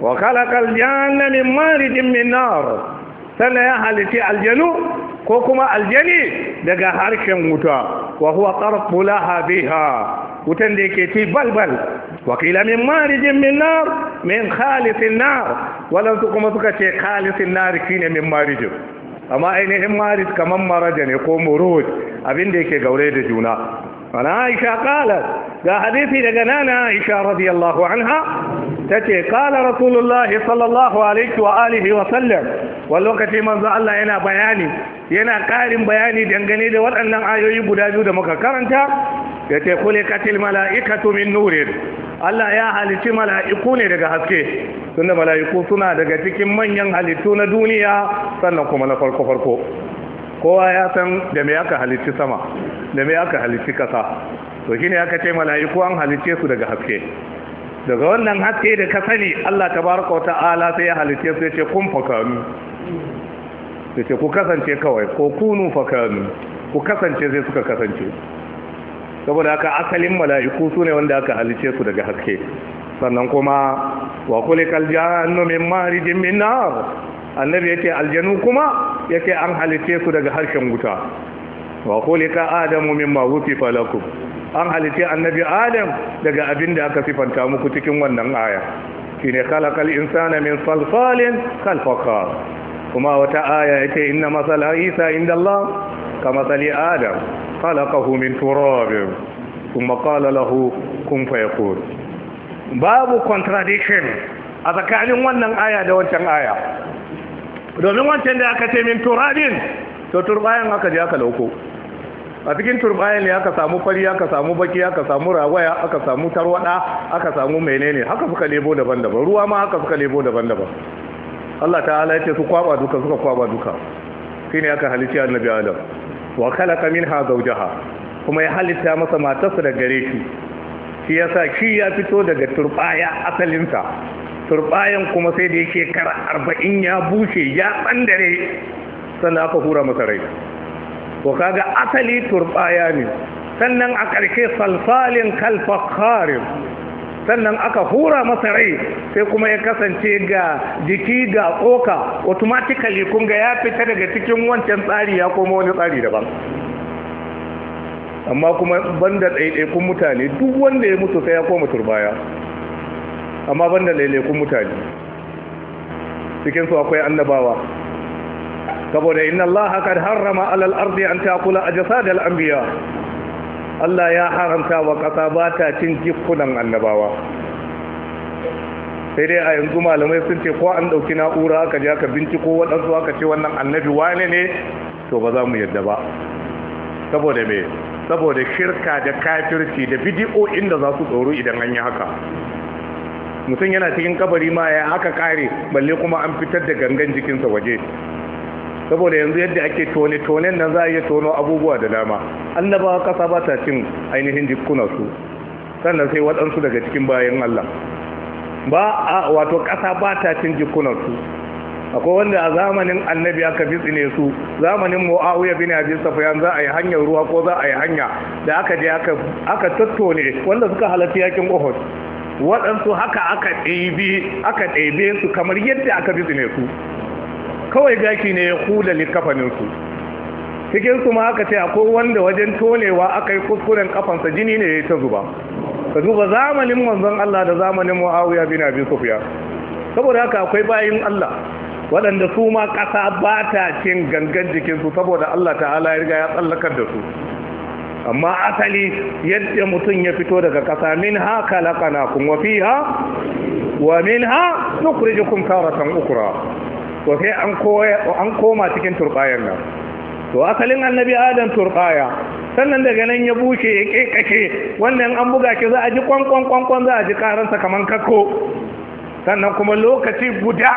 wa kalakal janna min marijin min nar sannan ya halitti aljanu ko kuma aljani daga harshen wuta وهو طرف لها بها وتنديكتي بل بل وقيل من مارج من نار من خالص النار ولو تقوم شيء خالص النار كين من مارج أما إن مارج كمان مارج يقوم روج أبين ديكي جوريد جونا عن عائشة قالت ذا حديثي لقنانا عائشة رضي الله عنها تتي قال رسول الله صلى الله عليه وآله وسلم والوقت من ذا الله ينا بياني ينا قارن بياني دنغني دي وأن آيو يبدا جود مكاكرنتا يتي خلقت الملائكة من نور Allah ya halitti mala'iku ne daga haske tunda mala'iku suna daga cikin manyan halittu na duniya sannan kuma na farko-farko kowa ya san da me aka halicci sama da me aka halicci kasa to shine aka ce mala'iku an halicce su daga haske daga wannan haske da ka sani Allah Ta tabaraka ta'ala sai ya halicce su yace kun fakanu yace ku kasance kawai ko kunu fakanu ku kasance zai suka kasance saboda haka asalin mala'iku su ne wanda aka halice su daga haske sannan kuma wa kulikal jahannu min marijin min nar annabi yake aljanu kuma yake an halice su daga harshen wuta wa khuliqa adamu mimma wusifa lakum an halice annabi adam daga abin da aka sifanta muku cikin wannan aya shine khalaqal insana min salsalin kal kuma wata aya yake inna masal isa inda Allah ka sali adam khalaqahu min turab kuma qala lahu kun fayakun babu contradiction a tsakanin wannan aya da wancan aya domin wancan da aka ce min turabin to turbayan aka je aka lauko a cikin turbayan ne aka samu fari aka samu baki aka samu rawaya aka samu tarwada aka samu menene haka suka lebo daban-daban ruwa ma haka suka lebo daban-daban Allah ta'ala yace su kwaba duka suka kwaba duka shine aka halitta annabi Adam wa khalaqa minha zawjaha kuma ya halitta masa matarsa da gare shi shi yasa shi ya fito daga turbaya asalinsa turbayan kuma sai da yake kara arba'in ya bushe ya ɓandare sannan aka hura masa rai to kaga asali turbaya ne sannan a ƙarshe salsalin kalfakarin sannan aka hura masa rai sai kuma ya kasance ga jiki ga tsoka otomatikali. Kunga ya fita daga cikin wancan tsari ya koma wani tsari daban amma kuma banda ɗaiɗaikun mutane duk wanda ya mutu sai ya koma turbaya amma banda lailaikun mutane cikin su akwai annabawa saboda inna Allah kad harrama alal ardi an takula ajsadal anbiya Allah ya haramta wa kasa ba ta cin jikunan annabawa sai dai a yanzu malamai sun ce ko an ɗauki na'ura aka je aka binciko waɗansu aka ce wannan annabi wane ne to ba za mu yadda ba saboda me saboda shirka da kafirci da bidiyo inda za su tsoro idan an yi haka mutum yana cikin kabari ma ya aka kare balle kuma an fitar da gangan jikinsa waje saboda yanzu yadda ake tone tone nan za a iya tono abubuwa da dama annabawa kasa ba ta cin ainihin jikuna su sannan sai waɗansu daga cikin bayan Allah ba a wato kasa ba ta cin jikuna su akwai wanda a zamanin annabi aka tsine su zamanin mu'awiya bin abi sufyan za a yi hanyar ruwa ko za a yi hanya da aka je aka aka tattone wanda suka halarci yakin uhud waɗansu haka aka ɗebe aka ɗebe su kamar yadda aka bizine su kawai gashi ne ya kula likafaninsu cikin su ma aka ce akwai wanda wajen tonewa aka yi kuskuren kafansa jini ne ya ta zuba ka duba zamanin manzon Allah da zamanin Muawiya bin Abi Sufyan saboda haka akwai bayan Allah waɗanda su ma ƙasa ba ta cin gangan jikinsu saboda Allah ta'ala ya riga ya tsallakar da su amma asali yadda mutum ya fito daga ƙasa min ha kalaƙanakun wa fiha wa min ha nukurijukum taratan ukura to sai an koma cikin turɓayan nan to asalin annabi adam turɓaya sannan daga nan ya bushe ya ƙeƙashe wannan an buga ki za a ji kwankwankwankwan za a ji ƙaransa kamar kakko sannan kuma lokaci guda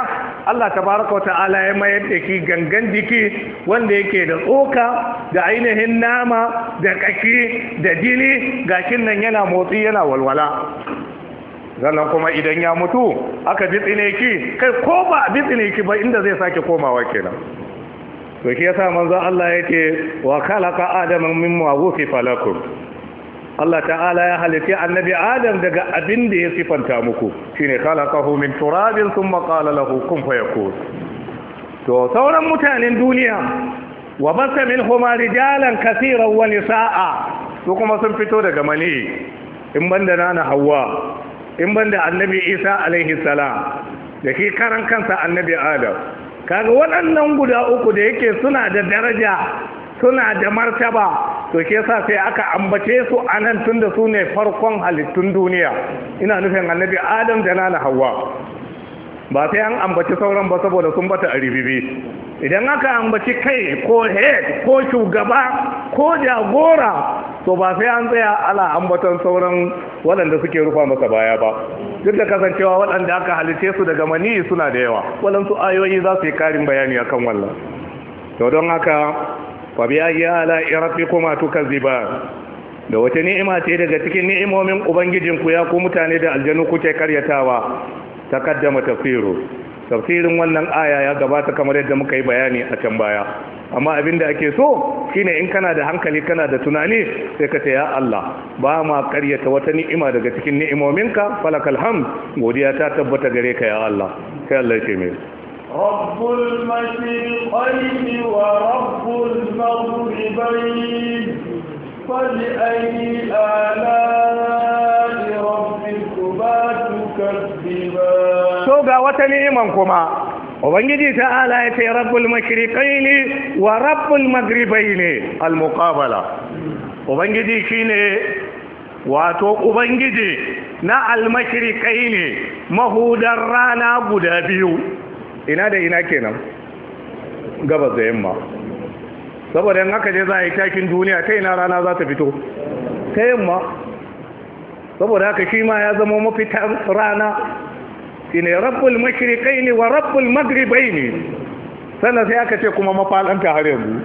Allah tabaraka wata'ala ya mayar da ki gangan jiki wanda yake da tsoka da ainihin nama da kaki da jini gashin nan yana motsi yana walwala sannan kuma idan ya mutu aka bi ki kai ko ba a bi ki ba inda zai sake komawa kenan to shi yasa manzo Allah yake wa khalaqa adama min ma wufi falakum Allah ta'ala ya halitta annabi Adam daga abin da ya sifanta muku shine khalaqahu min turabin thumma qala lahu kun fayakun to sauran mutanen duniya wa basa minhum rijalan kaseeran wa nisaa su kuma sun fito daga mani in banda nana Hawwa in banda annabi Isa alaihi salam da shi karan kansa annabi Adam kaga waɗannan guda uku da yake suna da daraja suna da martaba to ke sa sai aka ambace su anan tun da su ne farkon halittun duniya ina nufin annabi adam da nana hawa ba sai an ambaci sauran ba saboda sun bata a ribibi idan aka ambaci kai ko head ko shugaba ko jagora to ba sai an tsaya ala ambatan sauran waɗanda suke rufa masa baya ba duk da kasancewa waɗanda aka halice su daga mani suna da yawa waɗansu ayoyi za su yi karin bayani akan wannan to don haka fa bi ayi ala rabbikuma da wata ni'ima ce daga cikin ni'imomin ubangijinku ya ku mutane da aljanu kuke karyatawa ta kaddama tafsiru tafsirin wannan aya ya gabata kamar yadda muka yi bayani a can baya amma abin da ake so shine in kana da hankali kana da tunani sai ka ce ya Allah ba ma karyata wata ni'ima daga cikin ni'imominka falakal hamd godiya ta tabbata gare ka ya Allah sai Allah ya ce mai رب المشرقين ورب المغربين فلأي آلاء ربكما تكذبان شوقا وتني منكما وبنجي تعالى يتي رب المشرقين ورب المغربين المقابلة وبنجي شيني واتو وبنجي نا المشرقين مهود الرانا بودا بيو ina da ina kenan gabas da yamma saboda in aka je za a yi takin duniya ta ina rana za ta fito ta yamma saboda haka shi ma ya zama mafitan rana ina rabbul mashriqai ne wa rabbul magribai ne sannan sai aka ce kuma mafalanta har yanzu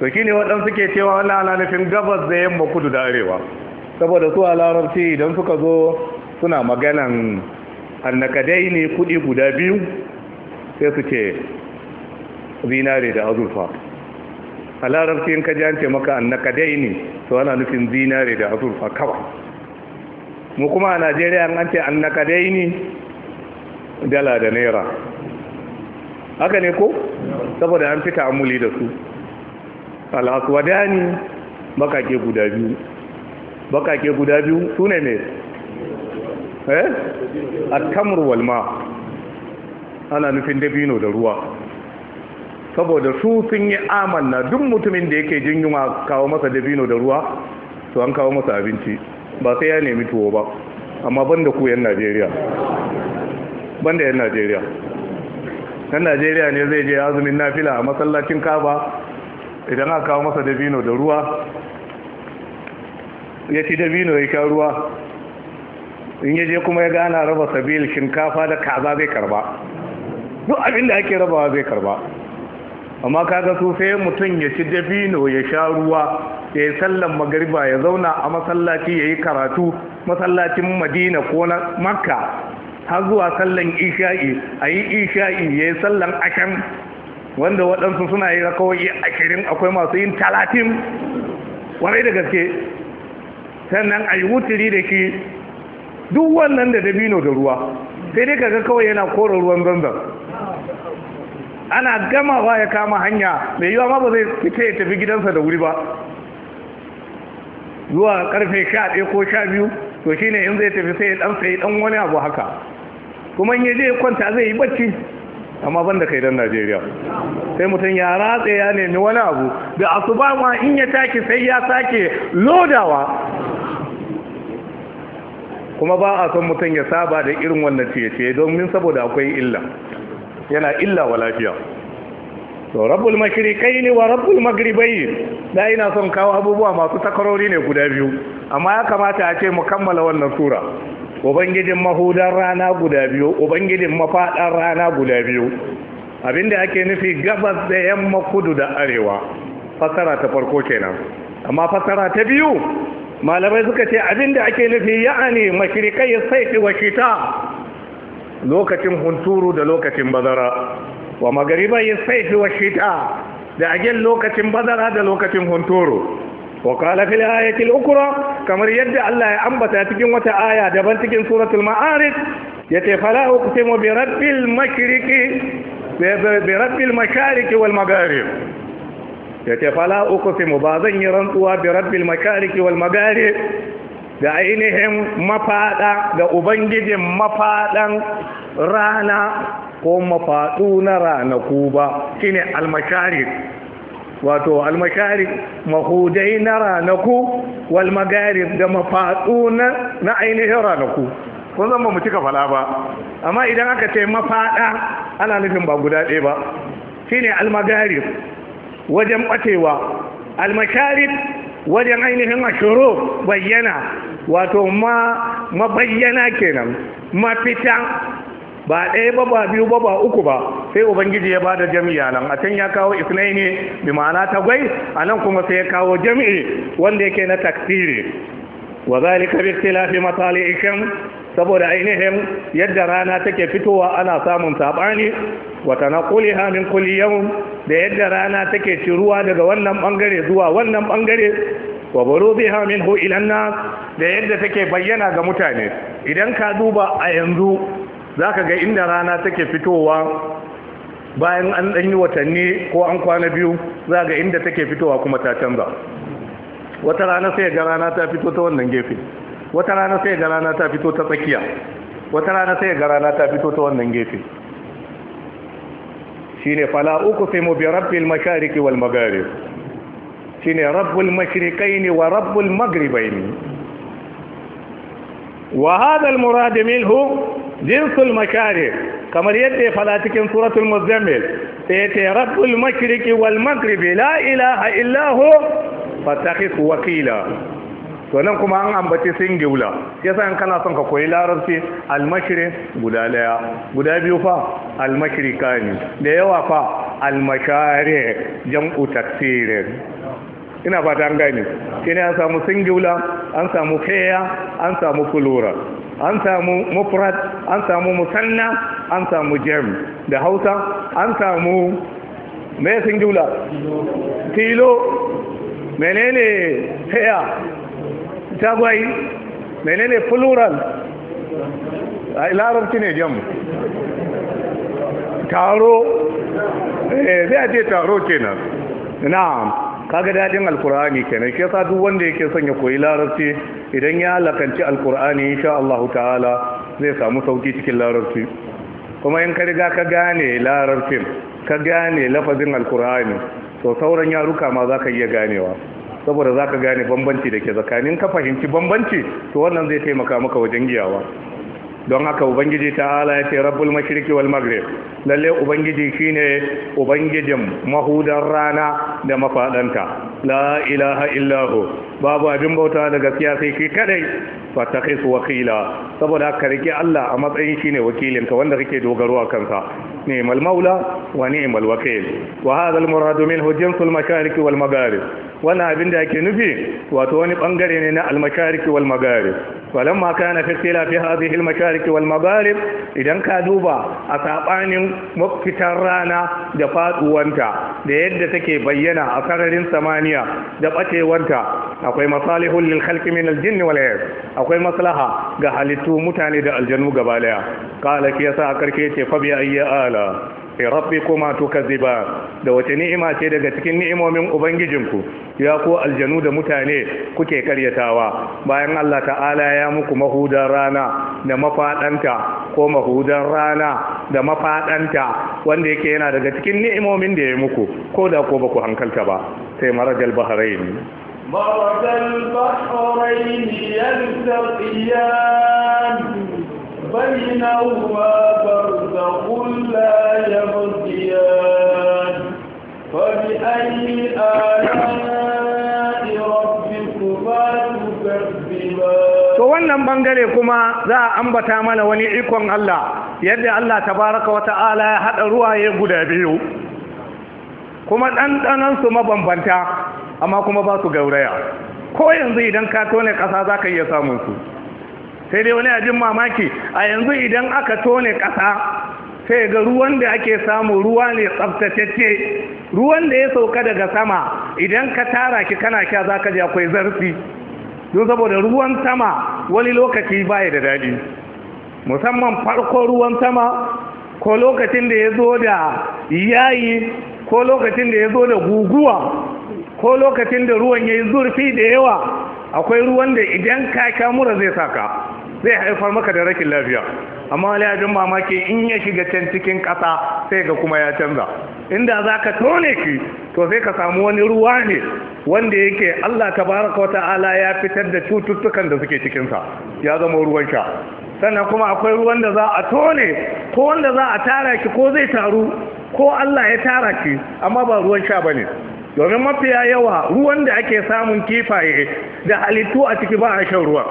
to shi ne waɗansu ke cewa wannan ana gabas da yamma kudu da arewa saboda su a larabci idan suka zo suna maganan annakadai ne kuɗi guda biyu sai su ce zinare da azurfa a larabci kaji an ce maka an nakadai ne to ana nufin zinare da azurfa kawai mu kuma a najeriya an ce an nakadai ne dala da naira haka ne ko saboda an fita amuli da su al'aswadani bakake guda biyu bakake guda biyu su ne ne eh a tamr ma' ana nufin dabino da ruwa saboda su sun yi amanna duk mutumin da yake jin yunwa kawo masa dabino da ruwa to an kawo masa abinci ba sai ya nemi tuwo ba amma banda ku yan Najeriya banda yan Najeriya yan Najeriya ne zai je azumin nafila a masallacin Kaaba idan aka kawo masa dabino da ruwa ya ci dabino ya sha ruwa in yaje kuma ya gana raba sabil shinkafa da kaza zai karba duk abin da ake rabawa zai karba amma kaga su sai mutum ya ci dabino ya sha ruwa ya yi sallan magariba ya zauna a masallaci ya yi karatu masallacin madina ko na makka har zuwa sallan isha'i a yi isha'i ya yi sallan ashan wanda waɗansu suna yi rakawai ashirin akwai masu yin talatin Wani da gaske sannan a yi wuturi da shi duk wannan da dabino da ruwa sai dai kaga kawai yana kora ruwan zanzan ana gamawa ya kama hanya mai yiwa ma ba zai fita ya tafi gidansa da wuri ba zuwa karfe sha ɗaya ko sha biyu to shine in zai tafi sai ya ɗan sai ɗan wani abu haka kuma in ya je kwanta zai yi bacci amma ban da kai dan Najeriya sai mutum ya ratse ya nemi wani abu da asuba ma in ya taki sai ya sake lodawa kuma ba a son mutum ya saba da irin wannan ciye-ciye domin saboda akwai illa yana illa wa lafiya to rabbul kai ne wa rabbul maghribain da ina son kawo abubuwa masu takarori ne guda biyu amma ya kamata a ce mu kammala wannan sura ubangijin mahudan rana guda biyu ubangijin mafadan rana guda biyu abinda ake nufi gabas da yamma kudu da arewa fasara ta farko kenan amma fasara ta biyu malamai suka ce abinda ake nufi ya'ani mashriqai sai wa wakita lokacin hunturu da lokacin bazara wa magariba yasaifi wa shita da agen lokacin bazara da lokacin hunturu wa kala fil ayati al-ukra kamar yadda Allah ya ambata cikin wata aya daban cikin suratul ma'arij yace fala uqsimu bi rabbil mashriqi bi rabbil mashariqi wal magharib yace fala uqsimu ba zan yi rantsuwa bi rabbil mashariqi wal magharib da ainihin mafaɗa da ubangijin mafaɗan rana ko mafaɗu na ranaku ba shine almashari wato almashari mahudai na ranaku wal da mafaɗu na ainihin ranaku kun zama mu cika fala ba amma idan aka ce mafaɗa ana nufin ba guda ɗaya ba shine almagari wajen ɓacewa almashari wajen ainihin ashiro bayyana wato ma mabayyana kenan mafita ba ɗaya ba ba biyu ba ba uku ba sai ubangiji ya bada jami'a nan a can ya kawo isnai ne bi ma'ana tagwai a nan kuma sai ya kawo jami'i wanda yake na taksiri wa zalika bi ikhtilafi matali'ikum saboda ainihin yadda rana take fitowa ana samun sabani wa tanaquliha min kulli yawm da yadda rana take ciruwa daga wannan bangare zuwa wannan bangare wa buruziha minhu ila nas da yadda take bayyana ga mutane idan ka duba a yanzu zaka ga inda rana take fitowa bayan an ɗan yi watanni ko an kwana biyu zaka ga inda take fitowa kuma ta canza wata rana sai ga rana ta fito ta wannan gefe wata rana sai ga rana ta fito ta tsakiya wata rana sai ga rana ta fito ta wannan gefe shine fala uqsimu bi rabbil mashariqi wal magharib shine rabbul mashriqaini wa rabbul maghribaini wa hadha al murad minhu jinsul mashari kamar yadda ya fada cikin suratul muzammil ta rabbul mashriqi wal maghribi la ilaha illa hu fatakhis wakila to nan kuma an ambaci sun Ya yasa in kana son ka koyi larabci almashirin guda daya guda biyu fa al-mashirika ne da yawa fa al-mashari mashari jam'u tafsirin ina fata an gane shi ne an samu singula an samu kaya an samu plural an samu mufrat, an samu musanna an samu jam da hausa an samu me singula tilo menene kaya tagwai menene plural a larabci ne jam taro zai eh, ce taro kenan na'am kaga dadin alkur'ani kenan shi yasa duk wanda yake son ya koyi larabci idan ya lakanci alkur'ani insha Allah ta'ala zai samu sauki cikin larabci kuma in ka riga ka gane larabcin ka gane lafazin alkur'ani to sauran yaruka ma zaka iya ganewa saboda zaka gane bambanci da ke tsakanin ka fahimci bambanci to wannan zai taimaka maka wajen giyawa don haka ubangiji ta ya ce rabbul mashiriki wal maghrib lalle ubangiji shine ubangijin mahudan rana da mafadanta la ilaha illahu babu abin bauta da gaskiya sai shi kadai su wakila saboda ka rike Allah a matsayin shine wakilin ka wanda kake dogaro a kansa mal maula wa mal wakil wa hadha al murad minhu jinsul mashariki wal magharib wannan abin da yake nufi wato wani bangare ne na al mashariki wal magharib falamma kana fi ikhtilafi hadhihi al mashariki wal magharib idan ka duba a sabanin mafitar rana da faduwanta da yadda take bayyana a sararin samaniya da bacewanta akwai masalihul lil khalqi min al wal ins akwai maslaha ga halittu mutane da aljanu gaba daya kala ki yasa a karke ce fa bi ayya ala Rabbi, kuma to kaziba da wace ni'ima ce daga cikin ni'imomin ubangijinku ya ko aljanu da mutane kuke karyatawa bayan Allah ta'ala ya muku mahudan rana da mafadanta ko mahudan rana da mafadanta wanda yake yana daga cikin ni'imomin da ya muku ko da ko baku hankalta ba sai marajal bahrain مرج البحرين يلتقيان بينهما برزخ لا يبغيان فبأي آلاء ربكما تكذبان to wannan bangare kuma za a ambata mana wani ikon Allah yadda Allah tabaraka wa ta'ala ya haɗa ruwaye guda biyu kuma ɗanɗanon ɗanɗanansu mabambanta amma kuma ba su gauraya ko yanzu idan ka tone ƙasa za ka iya samun su sai dai wani abin mamaki a yanzu idan aka tone ƙasa sai ga ruwan da ake samu ruwa ne tsabtacce ruwan da ya sauka daga sama idan ka tara ki kana kya za ka ji akwai zarfi don saboda ruwan sama wani lokaci baya da daɗi musamman farko ruwan sama ko lokacin da ya zo da yayi ko lokacin da ya zo da guguwa ko lokacin da ruwan ya yi zurfi da yawa akwai ruwan da idan ka mura zai saka zai haifar maka da rashin lafiya amma wani mamaki in ya shiga can cikin ƙasa sai ga kuma ya canza inda za ka tone ki, to sai ka samu wani ruwa ne wanda yake Allah Ta baraka wata ala ya fitar da cututtukan da suke cikinsa ya zama ruwan sha sannan kuma akwai ruwan da za a tone ko wanda za a tara ki ko zai taru ko Allah ya tara ki amma ba ruwan sha ba ne. domin mafiya yawa ruwan da ake samun kifaye da halittu a ciki ba a shan ruwan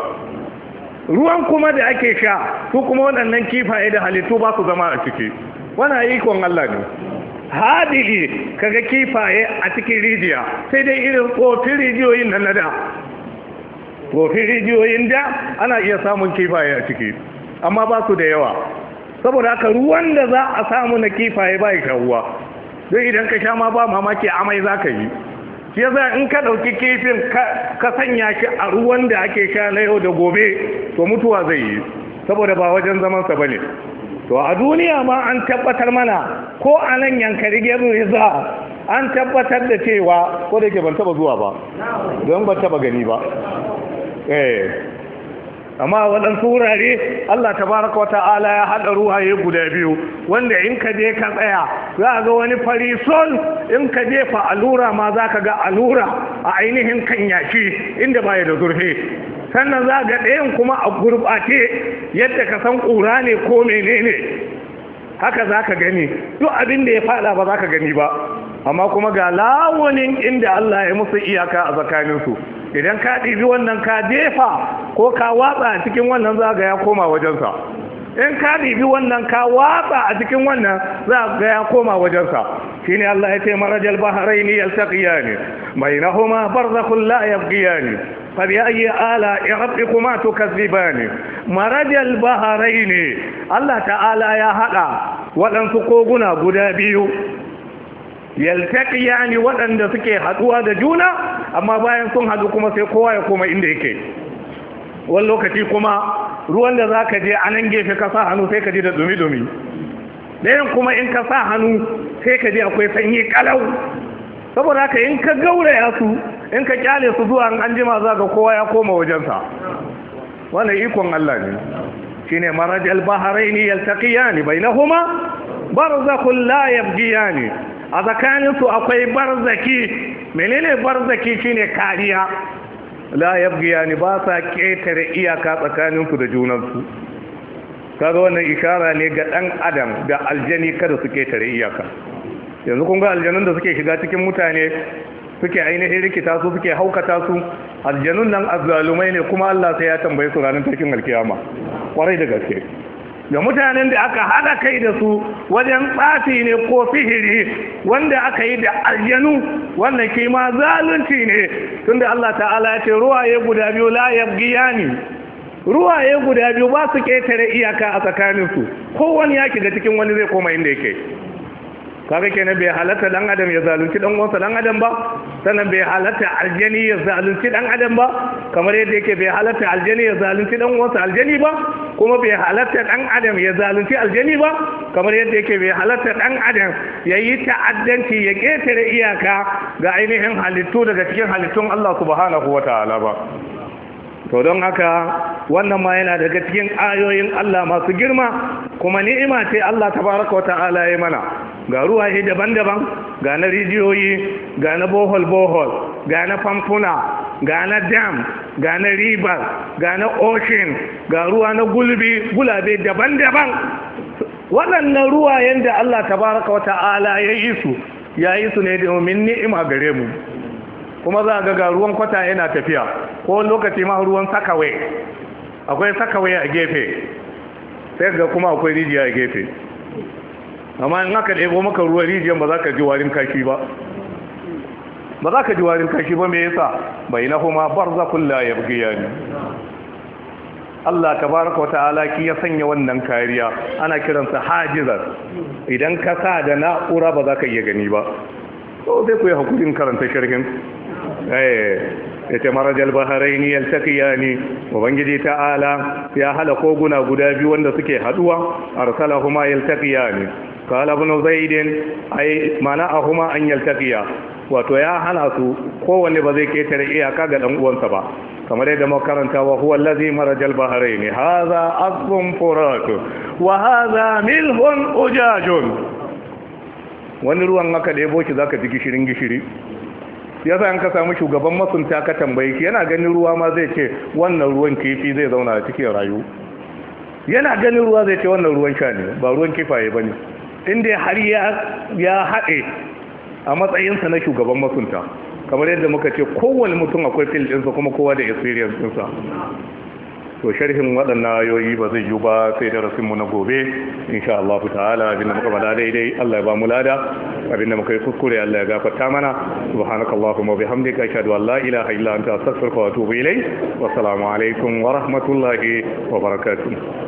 ruwan kuma da ake sha su kuma waɗannan kifaye da halittu ba su zama a ciki wana ikon Allah ne hadili kaga kifaye a cikin rijiya sai dai irin ƙofin rijiyoyin nan na da ƙofin rijiyoyin da ana iya samun kifaye a ciki amma ba su da yawa saboda haka ruwan da za a samu na kifaye ba ya ruwa don idan ka sha ma ba mamaki amai za ka yi shi yasa in ka ɗauki kifin ka sanya shi a ruwan da ake sha na yau da gobe to mutuwa zai yi saboda ba wajen zamansa ba ne to a duniya ma an tabbatar mana ko a nan yankari gerin riza an tabbatar da cewa ko da ke ban taba zuwa ba don ban taba gani ba eh amma waɗansu wurare Allah ta tabaraka wa ta'ala ya haɗa ruwaye guda biyu wanda in ka je ka tsaya za a ga wani fari sol in ka je fa alura ma za ka ga alura a ainihin kan yaki inda ba baya da zurfe sannan za ga ɗayan kuma a gurɓace yadda ka san ƙura ne ko menene haka za ka gani duk abin da ya faɗa ba za ka gani ba amma kuma ga lawunin inda Allah ya musu iyaka a tsakaninsu idan ka ɗibi wannan ka jefa ko ka watsa a cikin wannan za ga ya koma wajensa in ka ɗibi wannan ka watsa a cikin wannan za ga ya koma wajensa shi ne Allah ya ce marajal baharai ne yaltaƙiya ne mai na homa barzakun la ne fabi ayi ala irabbi kuma to kazziba ne marajal baharai ne Allah ta'ala ya haɗa waɗansu koguna guda biyu yaltaqiyani waɗanda suke haduwa da juna amma bayan sun hadu kuma sai kowa ya koma inda yake wani lokaci kuma ruwan da zaka je a nan gefe ka sa hannu sai ka ji da dumi dumi ɗayan kuma in ka sa hannu sai ka ji akwai sanyi kalau saboda haka in ka gauraya su in ka kyale su zuwa an anjima za ga kowa ya koma wajensa wannan ikon Allah ne shine marajal baharaini yaltaqiyani bainahuma barzakhun la ne. a tsakaninsu akwai barzaki menene barzaki shine kariya la yabgiya ni ba sa ƙetare iyaka tsakaninsu da junansu kaga wannan ishara ne ga ɗan adam da aljani kada su ƙetare iyaka yanzu kun ga aljanun da suke shiga cikin mutane suke ainihin rikita su suke haukata su aljanun nan azzalumai ne kuma Allah sai ya tambaye su ranar cikin alkiyama kwarai da gaske Da mutanen da aka haɗa kai da su wajen tsafi ne ko fihiri wanda aka yi da aljanu wannan kima zalunci ne tunda Allah ta'ala ya ce ruwaye guda biyu la giyani ruwaye guda biyu ba su ƙetare iyaka a tsakaninsu kowane ya da cikin wani zai koma inda yake kaga kenan bai halatta dan adam ya zalunci dan uwansa dan adam ba sannan bai halatta aljani ya zalunci dan adam ba kamar yadda yake bai halatta aljani ya zalunci dan uwansa aljani ba kuma bai halatta dan adam ya zalunci aljani ba kamar yadda yake bai halatta dan adam ya yi ta'addanci ya ketare iyaka ga ainihin halittu daga cikin halittun Allah subhanahu wataala ba to don haka wannan ma yana daga cikin ayoyin Allah masu girma kuma ni'ima ce Allah tabaraka wa ta'ala ya mana ga ruwaye daban-daban ga na rijiyoyi ga na bohol bohol ga na famfuna ga na dam ga na ribar ga na ocean ga ruwa na gulbi gulabe daban-daban waɗannan ruwa yadda Allah tabaraka wa ta'ala ya yi su ya yi su ne domin ni'ima gare mu kuma za ga ruwan kwata yana tafiya ko lokaci ma ruwan sakawe akwai sakawe a gefe sai ga kuma akwai rijiya a gefe amma in aka ɗebo maka ruwan rijiyan ba za ka ji warin kashi ba ba za ka ji warin kashi ba me yasa bai na kuma barzakun la ya ne Allah tabaraka wata'ala ki ya sanya wannan kariya ana kiransa hajizar idan ka sa da na'ura ba za ka iya gani ba Ko sai ku yi hakurin karanta shirkin eh yace marajal baharayni ne ubangiji ta'ala ya hala koguna guda biyu wanda suke haduwa arsalahuma yaltaqiyani qala ibn mana a huma an yaltaqiya wato ya hana su kowanne ba zai ketare iyaka ga dan uwansa ba kamar yadda makaranta wa huwa allazi marajal bahrayn hadha azbun furat wa hadha milhun ujajun wani ruwan haka da ya zaka ji gishirin gishiri ya sa ka samu shugaban masunta ka tambaye ki yana ganin ruwa ma zai ce wannan ruwan kifi zai zauna a cikin rayu yana ganin ruwa zai ce wannan ruwan sha ne ba ruwan kifaye ba ne inda har ya haɗe a matsayinsa na shugaban masunta kamar yadda muka ce kowane mutum akwai fil kuma kowa da experience ɗinsa to sharhin waɗannan ayoyi ba zai yi ba sai da rasinmu na gobe insha Allah ta'ala abinda muka bada daidai Allah ya ba mu lada abinda muka yi kuskure Allah ya gafarta mana subhanakallahumma bihamdika ashhadu an la ilaha illa anta astaghfiruka wa atubu ilayk wa assalamu alaikum wa rahmatullahi wa barakatuh